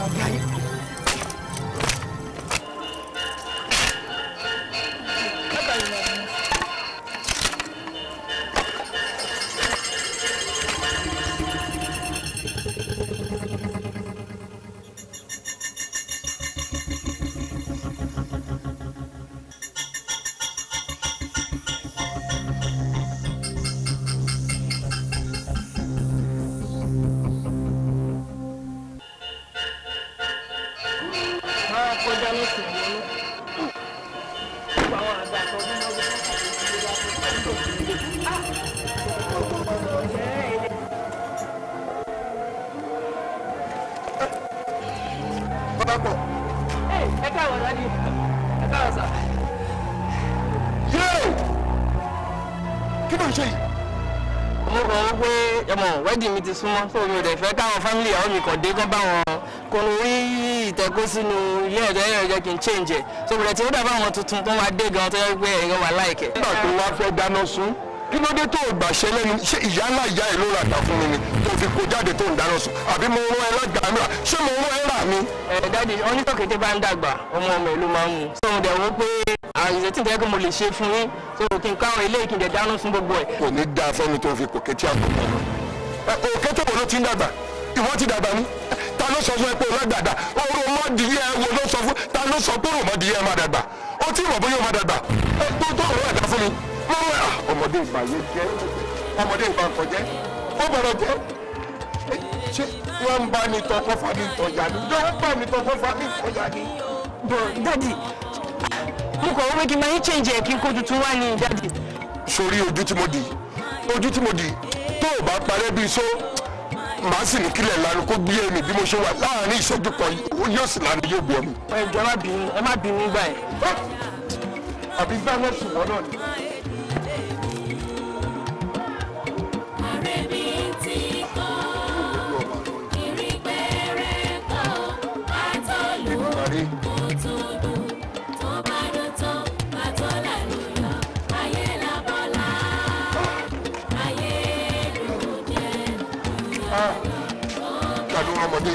ó ti Wow. dádì mi ti súnmọ́ so mi ò dẹ̀ fẹ́ káwọn fámìlì ìyàwó mi kàn dé kán bá wọn kò ní rí ìtẹ́kọ́ sínú ilé ẹ̀jẹ̀ ẹ̀rọ ẹ̀jẹ̀ kì í change ẹ̀ so bẹ̀rẹ̀ tí ó dàbá àwọn tuntun tó máa dé gan tó yẹ pé ẹ̀yìn wà láìkẹ́. nígbà tó wá fẹ́ dáná sún kí ló dé tó o gbàṣẹ lẹ́nu ṣé ìyá ńlá ìyá ẹ̀ ló ra àgbà fún mi ni tó fi kó jáde tó ń dáná sùn àbí mo rán ẹ lágbàá mi rà ṣé mo rán ẹ rà mi. ẹ dáàdi onítọ̀kété bá ń dàgbà ọmọ mi ló máa ń mu. sọ̀rọ̀ dẹ̀ wọ́n pé àìsè tí nǹkan mo lè ṣe fún yín sọ̀rọ̀ kí n káwọn ilé ìkìndẹ̀ dáná sún gbogbo ẹ̀. kò ní dáa fẹ́ni tó fi kòkétí àpò mọ́ náà òkè tó wò ti ń dàgbà ìwọ ti dàgbà mú ta ló sọ fún ẹ pé o lágbàdà oró mọ́dìyẹ wo ló sọ fún ta ló sọ pé oró mọ́dìyẹ máa dàgbà ó tí ìwọ bóyá ó máa dàgbà ẹ tó tó ọ̀rọ̀ ẹ̀dá fún mi mo rẹ̀ ah, ọmọdé ìgbà yé jẹ́ ọmọdé ìgbà nǹkan jẹ́ ó bọ̀rọ̀ jẹ́ ṣé wọ́n ń bá mi tọ́ kọ́fà ní ìtọ́jà ni wọ́n ń bá mi tọ́ kọ́fà ní ìtọ́jà ni. dadi mo kọ̀ wọ́n kí n máa ń change ẹ̀ kí n kó tuntun wá ní dadi. sórí ojú tí mo dì ojú tí mo dì ò bá parẹ́ bíi só màá sì ní kílẹ̀ lanu kó gbé ẹni bí mo ṣe wà láàrin ìṣẹ́jú kan yóò sì lanu yóò bu ẹnu. ẹ jọ má bínú ẹ má bínú gbà yẹn. àbí gbà náà sùn wọ́n náà ni.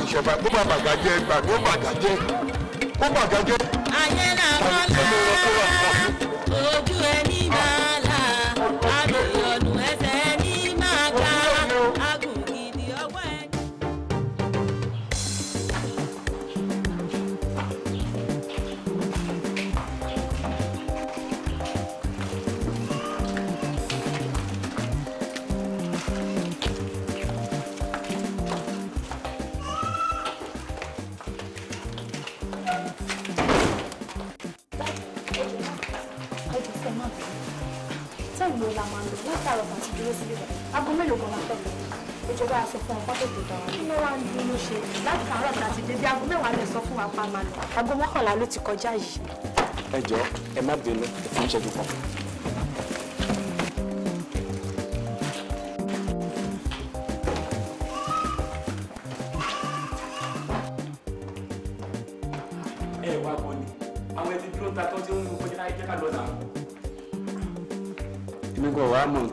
ìṣẹ̀fà kó bá bàgà jẹ́ gbàgbó bàgà jẹ́ kó bàgà jẹ́. ayé làwọn náà. látàrọ̀ àti dúró sílé aago mélòó kan látọ̀ lọ ìjọba àṣọ fún ọkọ tètè dára kí wọ́n wá ń dúró ṣe láti àárọ̀ láti dé bí aago mẹ́wàá lè sọ fún wa pa máa lọ aago mọ́kànlá ló ti kọjá yìí. ẹ jọ ẹ má bínú ẹ fi ń ṣẹ́jú kan.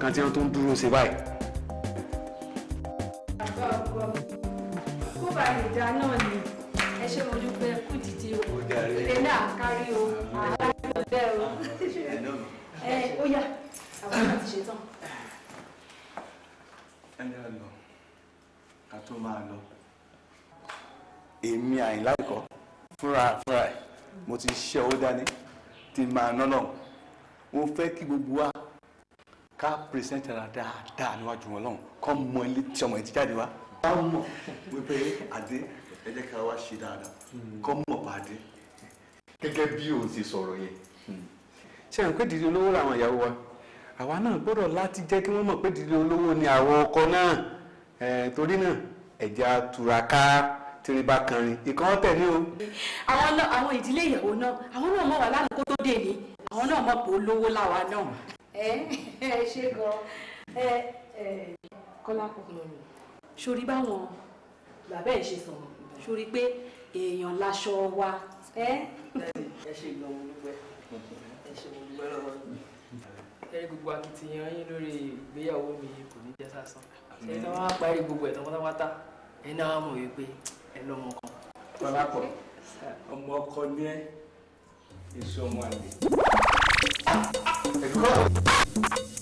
nǹkan tí wọ́n tó ń dúró ṣe báyìí. kó bá lè náà ni ẹ ṣe mo dúpẹ́ kú dìde o ilé náà kárí o àlàyé bẹ́ẹ̀ o ẹ ó yá àwọn náà ti ṣetán. ẹ ẹ lọ ká tó máa lọ èmi àyìnlá ẹ̀kọ́ fúnra fúnra ẹ̀ mo ti ṣiṣẹ́ owó dání tí máa nọ́nà mo fẹ́ kí gbogbo wa pírẹsẹ̀ntì ara dáadáa níwájú wọn lọ́hùn kọ́ mọ ilé tí ọmọ yẹn ti jáde wá. bá a mọ̀ wípé adé ẹ jẹ́ ká wá ṣe dáadáa hmm. kọ́ mọ̀ bá adé gẹ́gẹ́ bí òun ti sọ̀rọ̀ yẹn. Hmm. ṣé à ń pè dídí olówó làwọn ìyàwó wa àwa náà gbọ́dọ̀ láti jẹ́ kí wọ́n mọ̀ pé dídí olówó ni àwọn ọkọ náà torí náà ẹ̀já túraká tìrì bá kanrin ìkan tẹ̀lé o. àwọn ìdílé ìyàwó náà àwọn náà mọ̀ wá lánàá kó tó dé ni àwọn náà mọ̀ pé olówó làwa náà ẹ ṣe gan ẹ ẹ kọ́lá kò lọ́rùn sórí báwọn bàbá ẹ̀ ṣe sọ̀rọ̀ sórí pé èèyàn láṣọ wa. ẹ ṣe gan mo dúpẹ́ ẹ ṣe mo dúpẹ́ lọ́wọ́ ẹ̀rí gbogbo akitiyan yín lórí ìgbéyàwó mi kò ní jẹ́ sásán ẹ̀yin náà wá parí gbogbo ẹ̀tàn pátápátá ẹ̀yin náà wá mọ̀ wípé ẹ lọ́mọ kan. kọ́lápọ̀ ọmọ ọkọ ní ẹ èso ọmọ àlè. 그 네,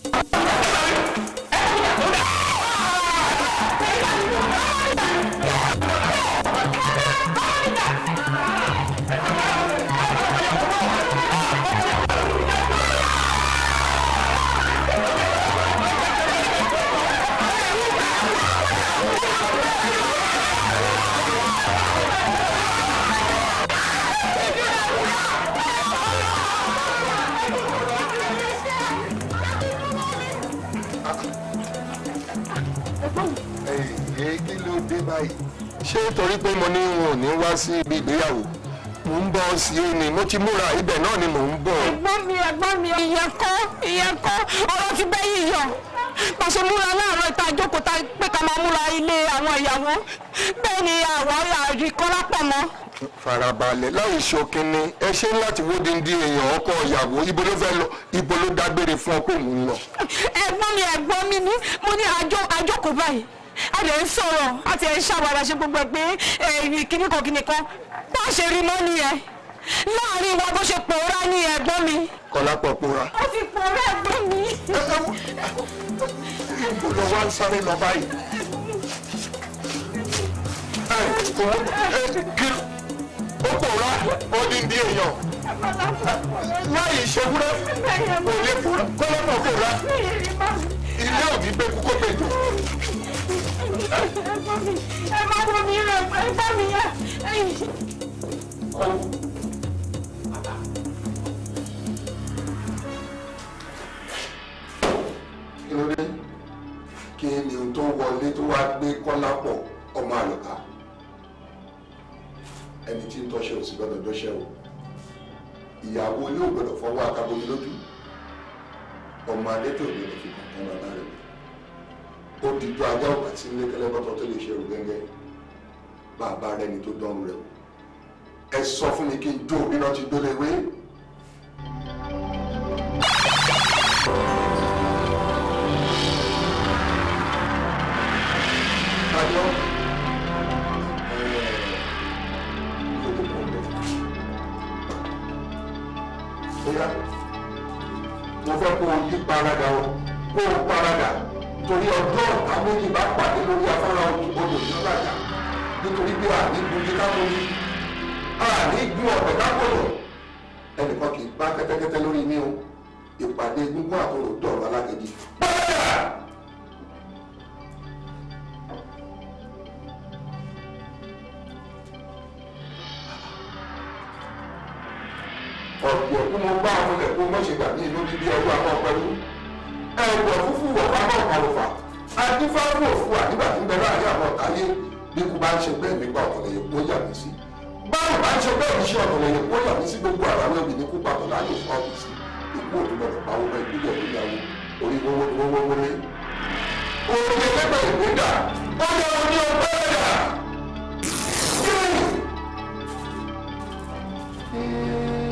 báyìí ṣé torí pé mo ní wọn ò ní wá sí ibi ìgbéyàwó mò ń bọ̀ sí i ni mo ti múra ibẹ̀ náà ni mò ń bọ̀. ẹ̀gbọ́n mi ẹ̀gbọ́n mi ìyẹn kọ́ ìyẹn kọ́ ọ̀rọ̀ ti bẹ́ yíyọ pàṣẹ múra láàárọ̀ ìta ìjókòó ta pé ká máa múra ilé àwọn ìyàwó bẹ́ẹ̀ ni àwọn àrí kọ́lá pọ̀ mọ́. farabalẹ̀ láì ṣokínní ẹ ṣe ń láti wó dindi èèyàn ọkọ ìyàwó ibo ló fẹ́ lọ ibo ló dágbére fún ọkọ òun lọ. ẹ̀gbọ́n mi ẹ̀gbọ́n mi ni mo ní àjọkò báyìí a lè ń sọ̀rọ̀ a ti ẹ̀ ń ṣàwọ̀ ara ṣe gbogbo ẹ̀ pé kíní kan kíní kan bá a ṣe rí mọ́ nìyẹn láàrin wa bó ṣe pòórá ní ẹ̀gbọ́n mi. kọlápọ̀ pòórá. ó ti pòórá ẹ̀gbọ́n mi. kò lọ wá ń sáré lọ báyìí. ó pòórá ó ní bí èèyàn láì ṣewúrẹ́ kò lè pòórá kọlápọ̀ pòórá ilé òbí gbé kókó gbèjò. É má wọ mi rẹ ẹ bá mi yá. kí ló dé kí ni ohun tó wọlé tó wá gbé kọ́lá pọ̀ ọmọ àlùkà ẹni tí ń tọ́ṣe ò sì gbọ́dọ̀ dọ́ṣẹ́ o ìyàwó ilé ò gbọ́dọ̀ fọwọ́ akábóyé lójú ọmọ adé tó fi kàn kán bàbá rẹ̀ ó di ju ajá òkà sí ilé kẹlẹ́bọ́tọ̀ tó lè ṣe rò gẹ́gẹ́ bàbá rẹ ni tó dánwò rẹ o ẹ sọ fún mi kí n jó bí náà ti gbélé wé. Adiós. bóyá mo fẹ́ kó o yí parada o kó o parada torí ọjọ́ ọ̀tá méjì bá pàdé lórí afárá odò ìjọba nítorí pé àní gbòógì kákòrí àní gbú ọ̀bẹ kákòrò ẹnìkan kì í bá kẹ́tẹ́kẹ́tẹ́ lórí mi o ìpàdé gbogbo àtòrò dọ̀rọ̀ alágẹ̀dì. ọ̀pọ̀ kú mo bá àwọn ẹ̀kọ́ mọ̀ṣẹ̀gbà ní ìlú bíbí ọdún àkọ́kọ́ ẹ̀rù ẹ̀rù ọ̀fúnfún wọ̀ pápọ̀ dífá fún òfin àdígbà tí ń bẹ láàrin àwọn ọ̀táyé bí kú bá ń ṣe bẹ́ẹ̀ nípa ọ̀tọ̀lẹ̀ yẹn kó sí báwo bá ń ṣe bẹ́ẹ̀ ní ṣe ọ̀tọ̀lẹ̀ yẹn kó sí gbogbo ara wọn ibi ní kú papọ̀ láàyè fún ọ́fíìsì ikú òtún gbọdọ̀ pawó bá ẹgbẹ́ ìgbéga ó yẹ oní ọgbẹ́ ẹ̀dà. Mm-hmm. Hmm.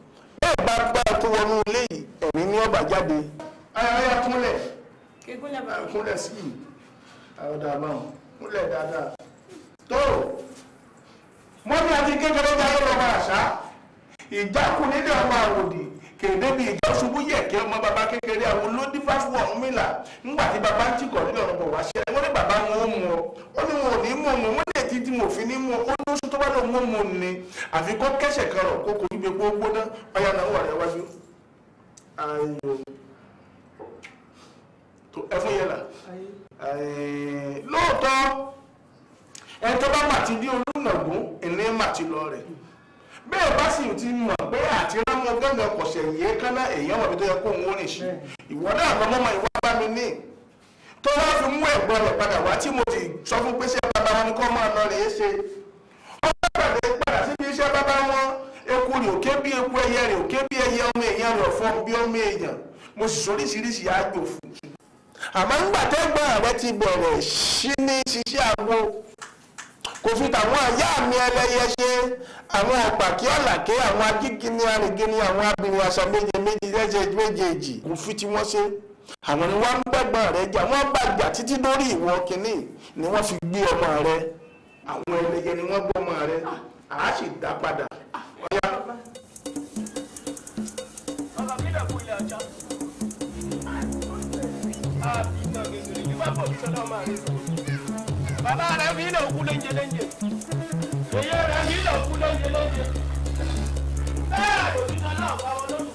bá gbá tó wọnú ilé yìí ẹ̀mí ní ọba jáde ayáyá kúnlẹ̀ kúnlẹ̀ sí i àwọ̀dà náà kúnlẹ̀ dáadáa tó mọ́ni àti kékeré jayé lọ́ba àṣà ìjákùn nílẹ̀ ọba àwòdì kèdébì ìjọsùnbù yẹ̀kẹ́ ọmọ baba kékeré àwọn olódífà fún Ọ̀rúnmìlà ńgbà tí baba ń tìkọ̀ baba mu ó ní wọn ò ní mú ọmọ wọn lè ti di òfin ní mú ọ ó ní oṣù tó bá lọ mú ọmọ ni àfi kó kẹ́sẹ̀ kan bẹ́ẹ̀ bá sì ti mọ̀ pé àti rámọ gángan kọ̀ṣẹ̀ yìí kánná èèyàn mọ̀ bí tó yẹ kó òun ó rìn sí ìwọ náà lọ́mọ mọ ìwọ bá mi ní tó bá fi mú ẹ̀gbọ́n rẹ̀ padà wá tí mo ti sọ fún pé iṣẹ́ bàbá wọn ni kọ́ máa lọ rèé ṣe wọ́n pàdé padà síbi iṣẹ́ bàbá wọn eku rẹ̀ òkè bí eku ẹyẹ rẹ̀ òkè bí ẹyẹ ọmọ èèyàn rẹ̀ ọ̀fọ́ bí ọmọ èèyàn mo sì sọ oríṣiríṣi àjò fún àmọ́ ńgbà tẹ́gbọ́n rẹ̀ ti bẹ̀rẹ̀ sí ní ṣiṣẹ́ àgbo kò fi tàwọn àyá mi ẹlẹ́yẹ ṣe àwọn ọ̀pàkí ọ̀làkẹ́ àwọn agígini arìngini àwọn abìnrin aṣọ méje méje lẹ́sẹ̀ méjèèjì kò fi tí wọ́n ṣe àwọn ni wọ́n ń gbẹ̀gbọ́n rẹ jà wọ́n gbàgbà títí dórí ìwọ kínní ni wọ́n fi gbé ọmọ rẹ àwọn ẹlẹ́yẹ ni wọ́n gbọ́ ọmọ rẹ àá sì dá padà ọ̀yá. ọ̀la mi dàgbò ilé ajá àbí ìtàn bàbá rẹ̀ rí lè kú léńjẹ léńjẹ èyí rẹ̀ rí lè kú léńjẹ léńjẹ bẹ́ẹ̀ lòdì náà náà bá wọn lórí.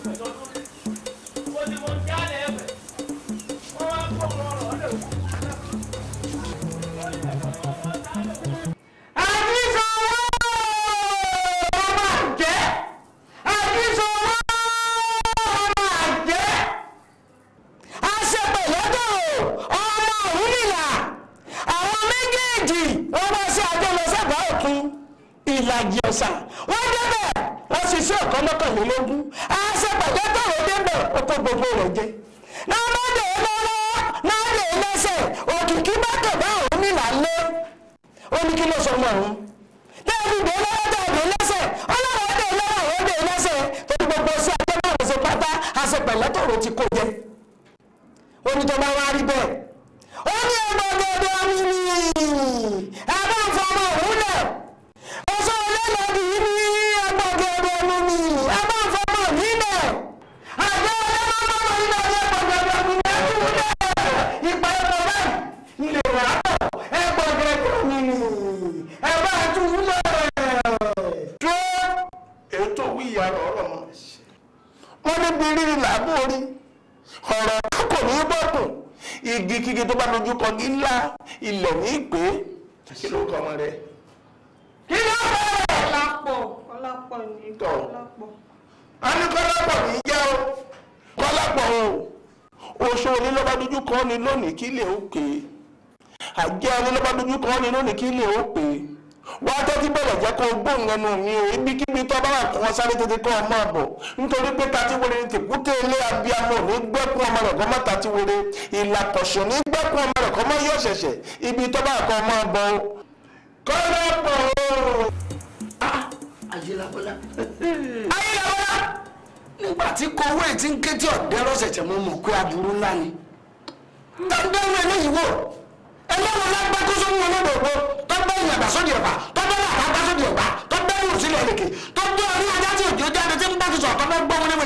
ní kọ́ ọmọ àbọ̀ nítorí pé tati wèrè ní tèkúté ilé abiyamọ ní gbẹ́kún ọmọ rẹ̀ kọ́mọ tati wèrè ìlàkọ̀ṣọ́ ní gbẹ́kún ọmọ rẹ̀ kọ́mọ yóò ṣẹ̀ṣẹ̀ ibi tó bá kọ́ ọmọ àbọ̀ o. kọ́lá pọ̀ o. Ah, ayélabọ́lá ayélabọ́lá nígbà tí kowó ètí ń ké tí ọ̀dẹ́ lọ́sẹ̀ṣẹ̀ mo mọ̀ pé aburú ńlá ni. tàbí ẹnu eléyìí wò ẹlẹ́wọ̀n lágbá kó sóhun olódò ògbó tọ́gbẹ́ ìyàgbà sódì ọ̀gbà bá gbọ́ wọn ní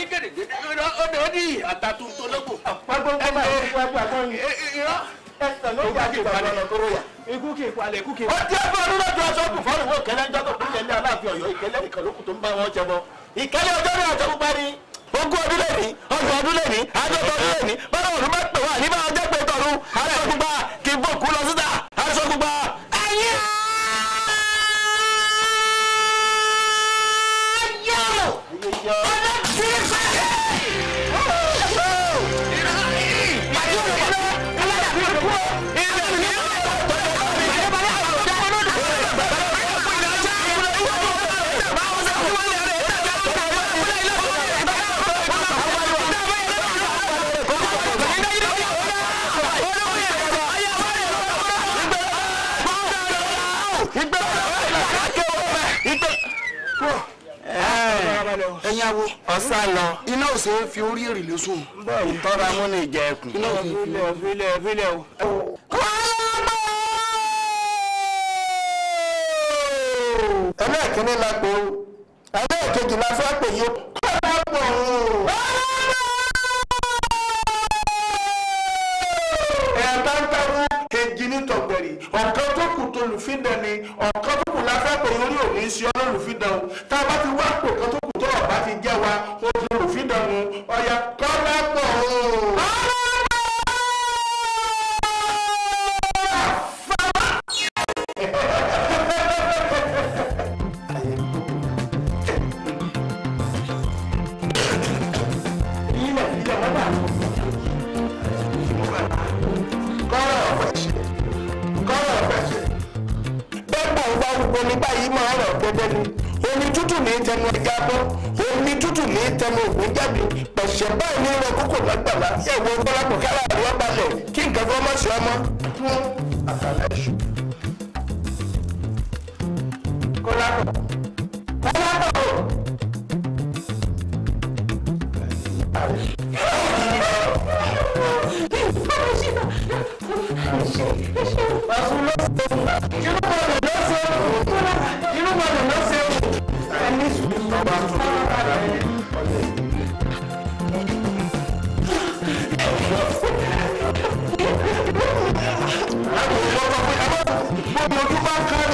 onígèrègè ó ní àtàtúntò lóko. gbogbo gbogbo gbogbo àgbọ̀n yìí. ẹsẹ̀ ló gbà kí ìgbà lọ́nà tó rọ̀yà. ikú kì í palẹ̀ ikú kì í. ó jẹ́ fún ọdún lọ́jọ́ sọ́ọ̀bù fọ́ọ̀rù wọ ìkẹ́lẹ́ ogún ọdún lẹ́ni ọgbọ̀n ọdún lẹ́ni àádọ́ta ọdún lẹ́ni bọ́dọ̀ ọdún má pè wá nígbà ọjọ́ pé tọ̀run àjọ pupa kì í bòkú lọ síta yáwó. ọ̀sá lọ. iná ò ṣe é fi orí èrè lóṣùn. bọ́ọ̀ tọ́ra mú ní ìjà ẹkùn. iná ò fílẹ̀ fílẹ̀ fílẹ̀ o. ẹlẹ́ẹ̀kínní la pé o ẹlẹ́ẹ̀kejì la fẹ́ pè yí o. ọ̀kan tó kù tó lùfíndẹ̀ ni ọ̀kan tó kù la fẹ́ pè yí orí òní sí ọlọ́lùfíndẹ̀ o tá a bá ti wá pò kan tó bàbá ti jẹ́ wa ó tún òfin dànù ọ̀yà kọ́lá pọ̀ o. ní báyìí máa rọ̀ gbẹdẹ omi tútù ní tẹnu ẹ̀gá bọ́ omi tútù ní tẹmọ ògùn jáde pẹ̀sẹ̀ báyìí ní ìwọ̀n kókò lágbàlá ẹ̀wọ̀n kọ́lápọ̀ kára àríwá balẹ̀ kí nǹkan fọ́ mọ́ sí ọmọ fún àkàlà ẹ̀ṣù. kọ́lápọ̀ kọ́lápọ̀ Thank you. gbogbo ojú bá ń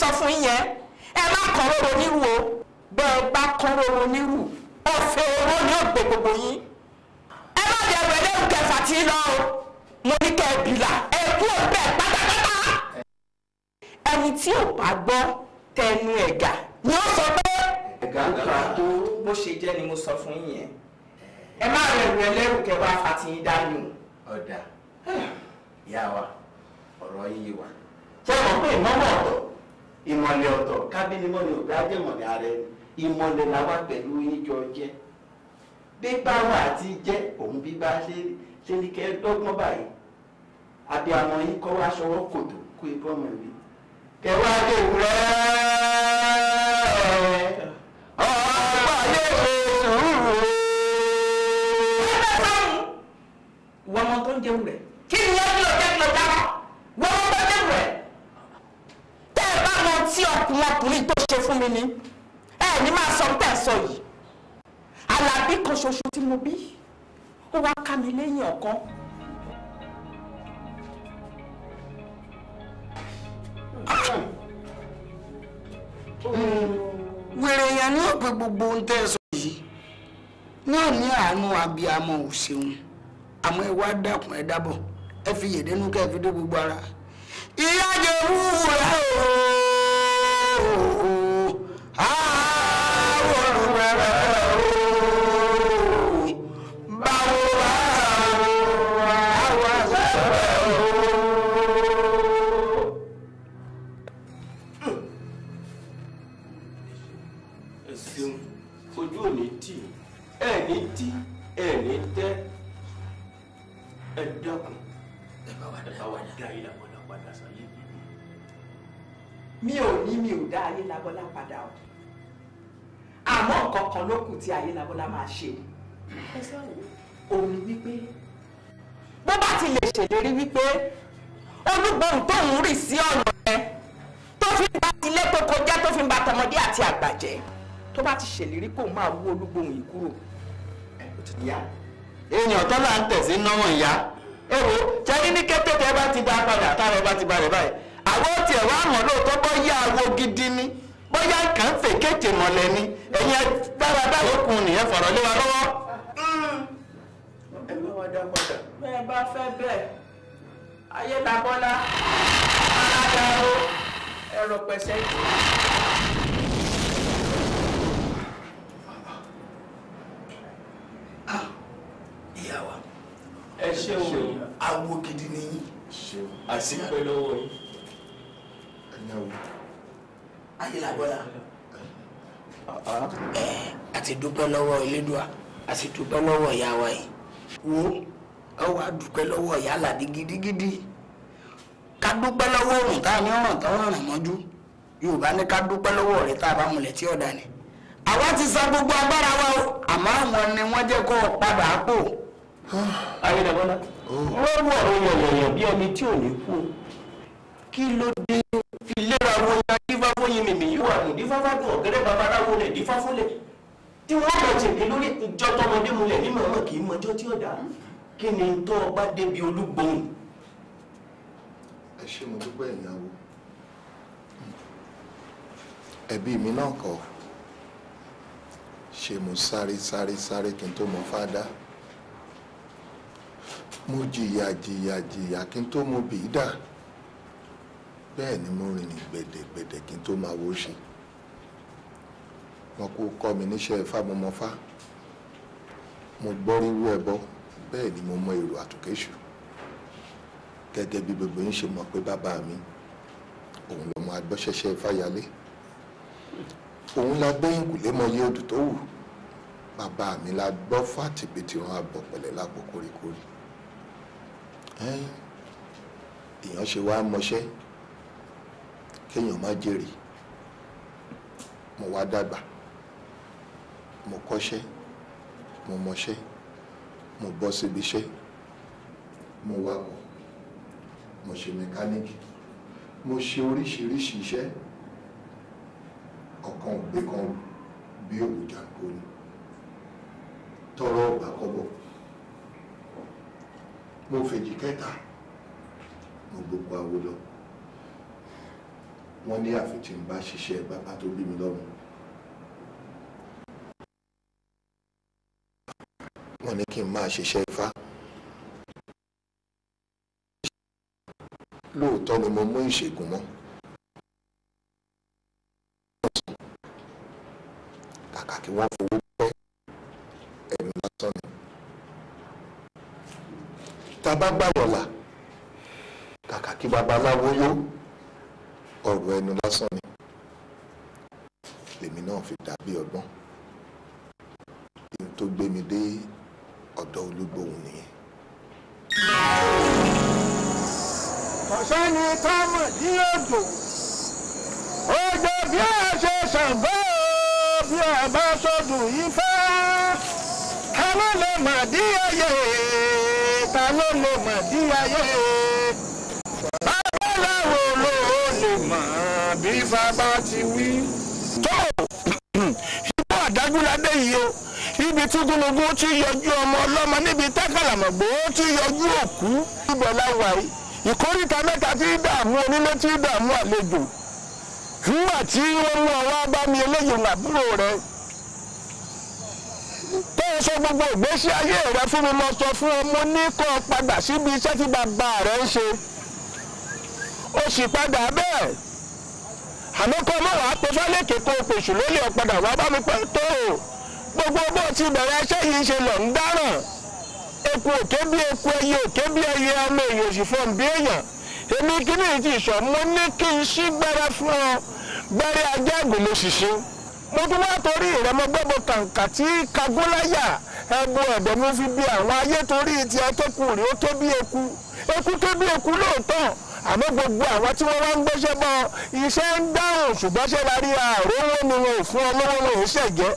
sọ fún yẹn ẹ má kàn róró nírú o bẹ́ẹ̀ bá kàn róró nírú ọ̀fẹ́ owó ni ó gbé gbogbo yín ẹ má lè wẹ̀ lẹ́rù tí ń lọ o mo ní kẹ́ bìlà ẹ kú òpẹ́ pátápátá ẹni tí ò bá gbọ́ tẹnu ẹ̀gà ni ó sọ pé. ẹ̀gà ń tó bó ṣe jẹ́ ni mo sọ fún yẹn ẹ má rẹ̀ wẹ̀ lẹ́rù kẹfà àti ìdánù. ọ̀dà ìyá wa ọ̀rọ̀ yìí wà. ṣé mo pè mọ́mọ́ ọ̀dọ̀ ìmọ̀lẹ̀ ọ̀tọ̀ kábínimọ́ni òbí ajẹ́mọ̀lẹ̀ ààrẹ ìmọ̀lẹ̀ làwa pẹ̀lú yíjọ jẹ́ bíbá wà àti jẹ́ òun bíbá ṣe ṣe ní kẹ́ dọ́gbọ́n báyìí abiyamọ yín kọ́ wá ṣọwọ́ kòtò kó ibọ́ mọ̀ rí kẹwàá dé wúrẹ́ ọ̀pá yóò ṣe wọ́n mọ tó ń jẹun rẹ̀. kí ni wọ́n fi ọ̀jẹ̀ fi ọ̀jẹ̀ wọ́n mọ tó ń jẹun rẹ̀ láwọn tí ọkùnrin ọkùnrin tó ṣe fún mi ni ẹ ní máa sọ pé ẹ sọ yìí alábí kan ṣoṣo tí mo bí ó wá ká mi lẹ́yìn ọ̀kan. wèrè yẹn ní ọ̀pẹ gbogbo ohun tẹ́ ẹ sọ yìí náà ní àánú abiyamọ ò ṣeun àmọ́ ẹ wá dákun ẹ dábọ̀ ẹ fi yèdénú kẹ́ ẹ fi dé gbogbo ara ìyá wúwo rẹ tí ayé labọ́lá máa ṣe o òun wípé bó bá ti lè ṣèlérí wípé olúgbòhùn tóun rì sí ọ̀nà rẹ tó fi ń ba ilé tó kọjá tó fi ń ba tọmọdé àti àgbàjẹ́ tó bá ti ṣèlérí kó máa wú olúgbòhùn yìí kúrò ìyá èèyàn tó là ń tẹ̀sí náwó ìyá èrò jẹ́rí ní kété bá ti dá padà táwọn bá ti balẹ̀ báyìí àwọn tiẹ̀ wá hàn lóòótọ́ bọ́ yá owó gidi ni bóyá nǹkan ń fèkéte mọ̀lẹ́ ni ẹ̀yin dára báyìí kùn nìyẹn fọ̀rọ̀ lé wa lọ́wọ́. ẹ̀mí wọn dá padà. bẹ́ẹ̀ bá fẹ́ bẹ́ẹ̀ ayé labọ́lá aládàáwó ẹ̀rọ pẹ̀sẹ̀ jù. Ah, ìyá wa ẹ ṣe o awo gidi ni yín àti pẹ́ lọ́wọ́ yín ayélabọ́lá. Ah, ah. a ti dúpẹ́ lọ́wọ́ elédùà a sì dúpẹ́ lọ́wọ́ ìyá wa yìí wo ọ wá dúpẹ́ lọ́wọ́ ìyá àlàdé gidigidi ká dúpẹ́ lọ́wọ́ òrùn tá a ní ọ̀ràn tó ràn mọ́jú yorùbá ní ká dúpẹ́ lọ́wọ́ rẹ̀ tá a bá mulẹ̀ tí ọ̀dà ni àwa ti sa gbogbo agbára wa o àmọ́ àwọn ni wọ́n jẹ́ kó padà pò. Ah, ayélujára oh. wọ́n wọ̀ ọ́ yọ̀yọ̀yọ̀ bí ẹni tí ò ní kú o kí ló dé fi léra wọn ya dífá fóyin mìmì yóò wà mí dífá fádùn ọ̀gẹ́rẹ́ babaláwo rẹ̀ dífá fúnlẹ̀ tí wọ́n lọ jèké lórí ìjọ tọmọdé mulẹ̀ ní màmá kì í mọjọ́ tí ọ̀dà kí ni tó ọba débi olúgbòhùn. ẹ ṣe mo dúpẹ́ ìyàwó ẹbí mi náà kọ ṣe mo sáré sáré sáré kí n tó mọ fádá mo jìyà jìyà jìyà kí n tó mọ bìí dà bẹ́ẹ̀ ni mo rìn ní gbẹ̀dẹ̀gbẹ̀dẹ̀ kí n tó máa wo ṣe wọn kó kọ́ mi níṣẹ́ ifá mo mo gbọ́ ríwú ẹbọ bẹ́ẹ̀ ni mo mọ èrò àtòkéṣù gẹ́gẹ́ bí gbogbo yín ṣe mọ̀ pé bàbá mi òun lọ́mọ agbọ́ṣẹ́ṣẹ́ fáyalé òun la gbẹ́yìn kù lé mọyé odò tó wù bàbá mi la gbọ́ fàtìbìtì ran abọ̀ pẹ̀lẹ́ lápò kórikórì èèyàn ṣe wá mọṣẹ́ kéèyàn má jèrè mo wá dàgbà mo kọ́ṣẹ́ mo mọṣẹ́ mo bọ́ síbi iṣẹ́ mo wakọ̀ mo ṣe mẹkáníìkì mo ṣe oríṣiríṣi iṣẹ́ ọ̀kan ògbé kan bí òun jàǹkó ni tọrọ ọgbà kọ́bọ̀ mo fèjì kẹta mo gbogbo awo lọ wọ́n ní àfi tí n bá ṣiṣẹ́ bàbá tó bí mi lọ́mọ. wọ́n ní kí n máa ṣiṣẹ́ ifá. lóòótọ́ ni mo mú ìṣègùn mọ́. kàkà kí wọ́n fowó pẹ́ ẹ̀mí lásán ni. tá a bá gbàgbọ́ là kàkà kí babaláwo yó ọ̀rọ̀ ẹnu lásán ni lèmi náà fi dàbí ọgbọ́n ohun tó gbé mi dé ọ̀dọ̀ olúgbòhùn nìyẹn. ọ̀sẹ́ni tó mọ̀ ní odò odò bí a ṣe ṣàǹbá bí a bá sọdùn yìí fẹ́ ta ló lè mà dí ayé ta ló lè mà dí ayé. bàbá ti wí. tó ṣùgbọ́n àdájú ládé yìí o ibi tí gúnugún ti yọjú ọmọ ọlọ́mọ níbi tákàlàmọ̀gbò ó ti yọjú òkú ibẹ̀ láwà yìí ìkóríta mẹ́ta tí dààmú onílé tí dààmú àlejò nígbà tí wọ́n mú ọwọ́ bá mi eléyìí làbúrò rẹ̀ tó o sọ gbogbo ìgbésí ayé rẹ fún mi mo sọ fún ọ mo ní kó o padà síbi iṣẹ́ tí bàbá rẹ ń ṣe o sì padà bẹ́ẹ̀. àmọ́ kọ́ mọ́ wàá pe fálẹ́kì kó o pèsè lórí ọ̀padà bá mi pẹ́ tó o gbogbo bó ti bẹ̀rẹ̀ iṣẹ́ yìí ṣe lọ ń dáràn eku òké bí eku ẹyẹ òké bí ẹyẹ ọmọ èèyàn sì fọ́n bí èmi ti sọ mo ní n gbẹrẹ fún ọ gbẹrẹ sì ṣe mo tún wá torí ìrẹmọ kàǹkà tí mi fi bí eku eku tó eku lóòótọ́ àmọ́ gbogbo àwọn tí wọ́n wá ń gbéṣẹ́ bọ́ iṣẹ́ ń dáhùn ṣùgbọ́n ṣe la rí àrówó ni wọn ò fún ọlọ́wọ́ ló ń ṣẹ̀jẹ́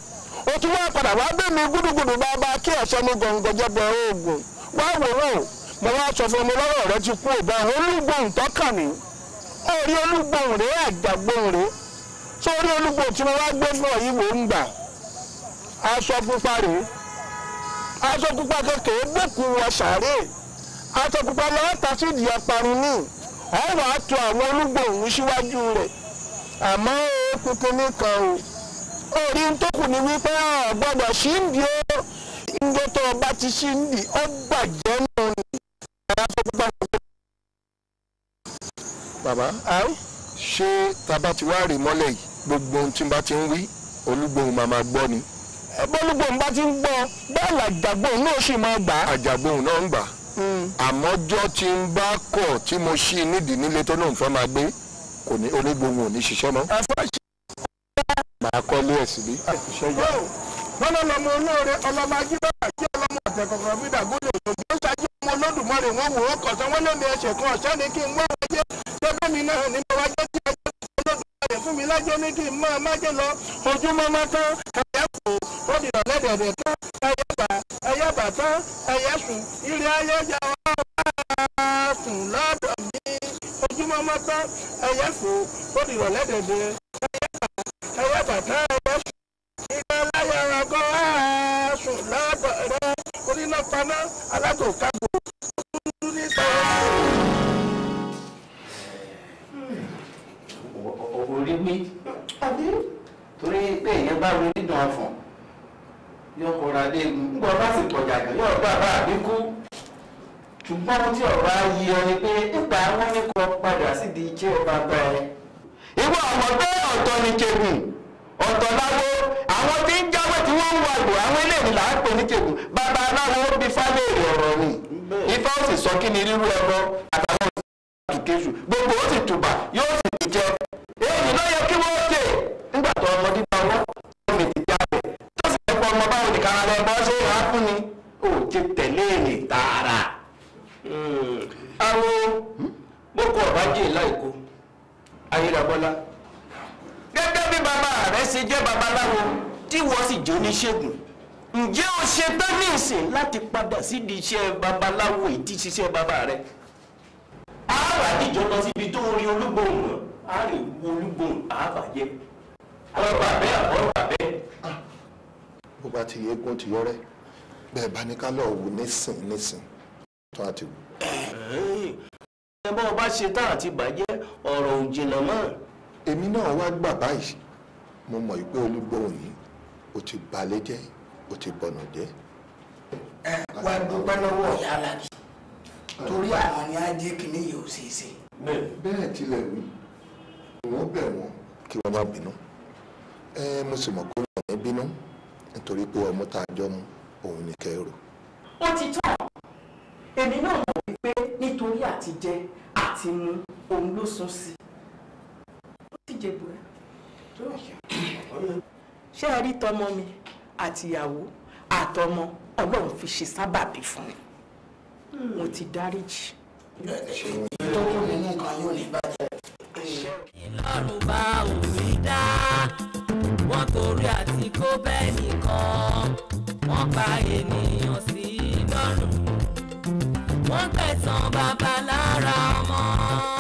o tún wá padà wá bẹ́ẹ̀ mi gúdúgúdú bá bá kí ọ̀ṣọ́ mi gọ̀ǹgọ̀ jẹ́bọ oògùn wá wòrán o mo wá sọ fún mi lọ́rọ̀ rẹ ti kú ìbọn olúgbòhùn tọ́kàn ní orí olúgbòhùn rẹ àgbàgbòhùn rẹ sórí olúgbòhùn tí mo wá gbé fún ọ yìí wò ń gbà aṣọ pupa rèé aṣọ pupa kékeré bùkún wọ sàárè aṣọ pupa lọ́wọ́ tasídìí ọparun níì a wàá tò àwọn olúgbòhùn síwájú rẹ̀ àmọ́ pínpín nìkan o orí tó kù ni wípé ọ̀ gbọ́dọ̀ sí ń di ó ńgbó tó o bá ti sí ń di ó bàjẹ́ nù ní ara tó gbà wọ́n. bàbá ṣé tàbá ti wá rè mọ́lẹ̀ yìí gbogbo ohun tí n bá ti ń wí olúgbòhùn màmá gbọ́ ni. bólúgbòhùn bá ti ń gbọ́ bẹ́ẹ̀ làjàgbòhùn náà sì máa gbà. àjàgbòhùn náà ń gbà àmọ́jọ́ tí ń bá kọ̀ tí mo ṣí nídìí nílé tó náà fẹ́ máa gbé kò ní onígbòhun ò ní ṣiṣẹ́ mọ́. màá kọ́ lé ẹ̀ síbí. lọ́nà lọ́mọ olóore ọlọ́mọ ajíbá àti ọlọ́mọ ọ̀tẹ̀kọ̀kọ̀ fídà gúdò òṣòdì ó ṣáájú ọmọ olódùmarè wọn wò ó kọ̀sán wọn lóde ẹsẹ̀ kan ọ̀sẹ́ ni kí n wá wájé tẹ́gbẹ́ mi náà ní mo tí ajé olódùmarè fún mi lájẹ́ ní kí n máa májẹ́ lọ ojúmọ́ mọ́ tán ẹ̀kọ́ ó fi tán ẹyẹ bà ẹyẹ bà tán ẹyẹ sùn ilé ayé yà wá wá sùn lọ́dọ̀ mi ojúmọ́ tán ẹyẹ fò ó fi ẹyẹ bà ẹyẹ bà tán ẹyẹ sùn ilé aláyà wá wá sùn lọ́dọ̀ rẹ oníná paná alágò kágbó dúdú torí pé èèyàn bá ronú dùn ọ̀fọ̀n yóò kọra dé egun nígbà bá sì pọ̀jà jù yóò gbà bá àbíkú ṣùgbọ́n tí ọba yí ọ ni pé nípa wọn ní kọ padà sídìí iṣẹ́ ọba bá ẹ. ìwọ ọmọ pé ọ̀tọ̀ ni Ìjẹ̀bú ọ̀tọ̀ láwo àwọn tí ń jáwé tí wọ́n ń wà lò àwọn eléyìí là ń pè ní Ìjẹ̀bú bàbá aláwo bí fálẹ́rì ọ̀rọ̀ ni ifá ó sì sọ kí ni rírú ẹbọ àtàwọn òṣìṣẹ́ àtúkéṣù gbogbo ó sì tùbà yóò jẹ́ babaláwo tí wọ́n sì jẹ́ oníṣègùn ǹjẹ́ o ṣe tán ní ìsìn láti padà sídìí iṣẹ́ babaláwo ìdí ṣiṣẹ́ bàbá rẹ àárà dìjọ lọ síbi tó rí olúgbòhùn náà àárẹ̀ wo olúgbòhùn àbàjẹ́ ọ̀rọ̀ àbẹ́ àbọ̀rọ̀ àbẹ́. bó bá ti yegun ti yọrẹ bẹ́ẹ̀ bá ní ká lọ wò nísìn nísìn tó a ti wò. ẹ bá ọba ṣe tán àti bàjẹ́ ọ̀rọ̀ òjìnà mọ́. èmi náà wá gbà báyìí mo mọ̀ pé olúgbòhùn yìí o ti balẹ̀ jẹ́ o ti bọ̀nà jẹ́. ẹ wá dúpẹ́ lọ́wọ́ ọ̀yá alábì torí àwọn ni á jẹ́ kínní yìí ò ṣeé ṣe. bẹ́ẹ̀ tilẹ̀ wí wọ́n bẹ̀ wọ́n kí wọ́n má bínú ẹ mo sì mọ̀ pé wọ́n ní bínú nítorí pé ọmọ tá a jọ mu òun ni kẹrù. ó ti tọ́ èmi náà mọ̀ wípé nítorí àtijẹ àti mu òun ló sún sí i ó sì jẹ bùrẹ́ ṣé ẹ rí tọmọ mi àtìyàwó àtọmọ ọlọ́run fi ṣe sábàbí fún mi mo ti dáríjì. tó bá òwe dá wọn torí àti kó bẹ́ẹ̀ nìkan wọ́n pa ènìyàn sí lọ́rùn wọ́n tẹ̀sán bàbá ọmọ.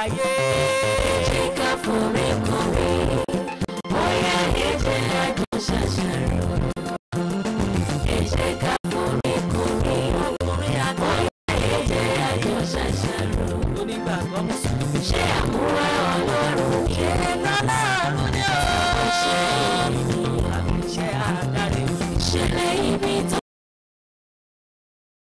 ayé. èjìká forí kan rí bóyá ẹ̀jẹ̀ lájọ ṣàṣàrò.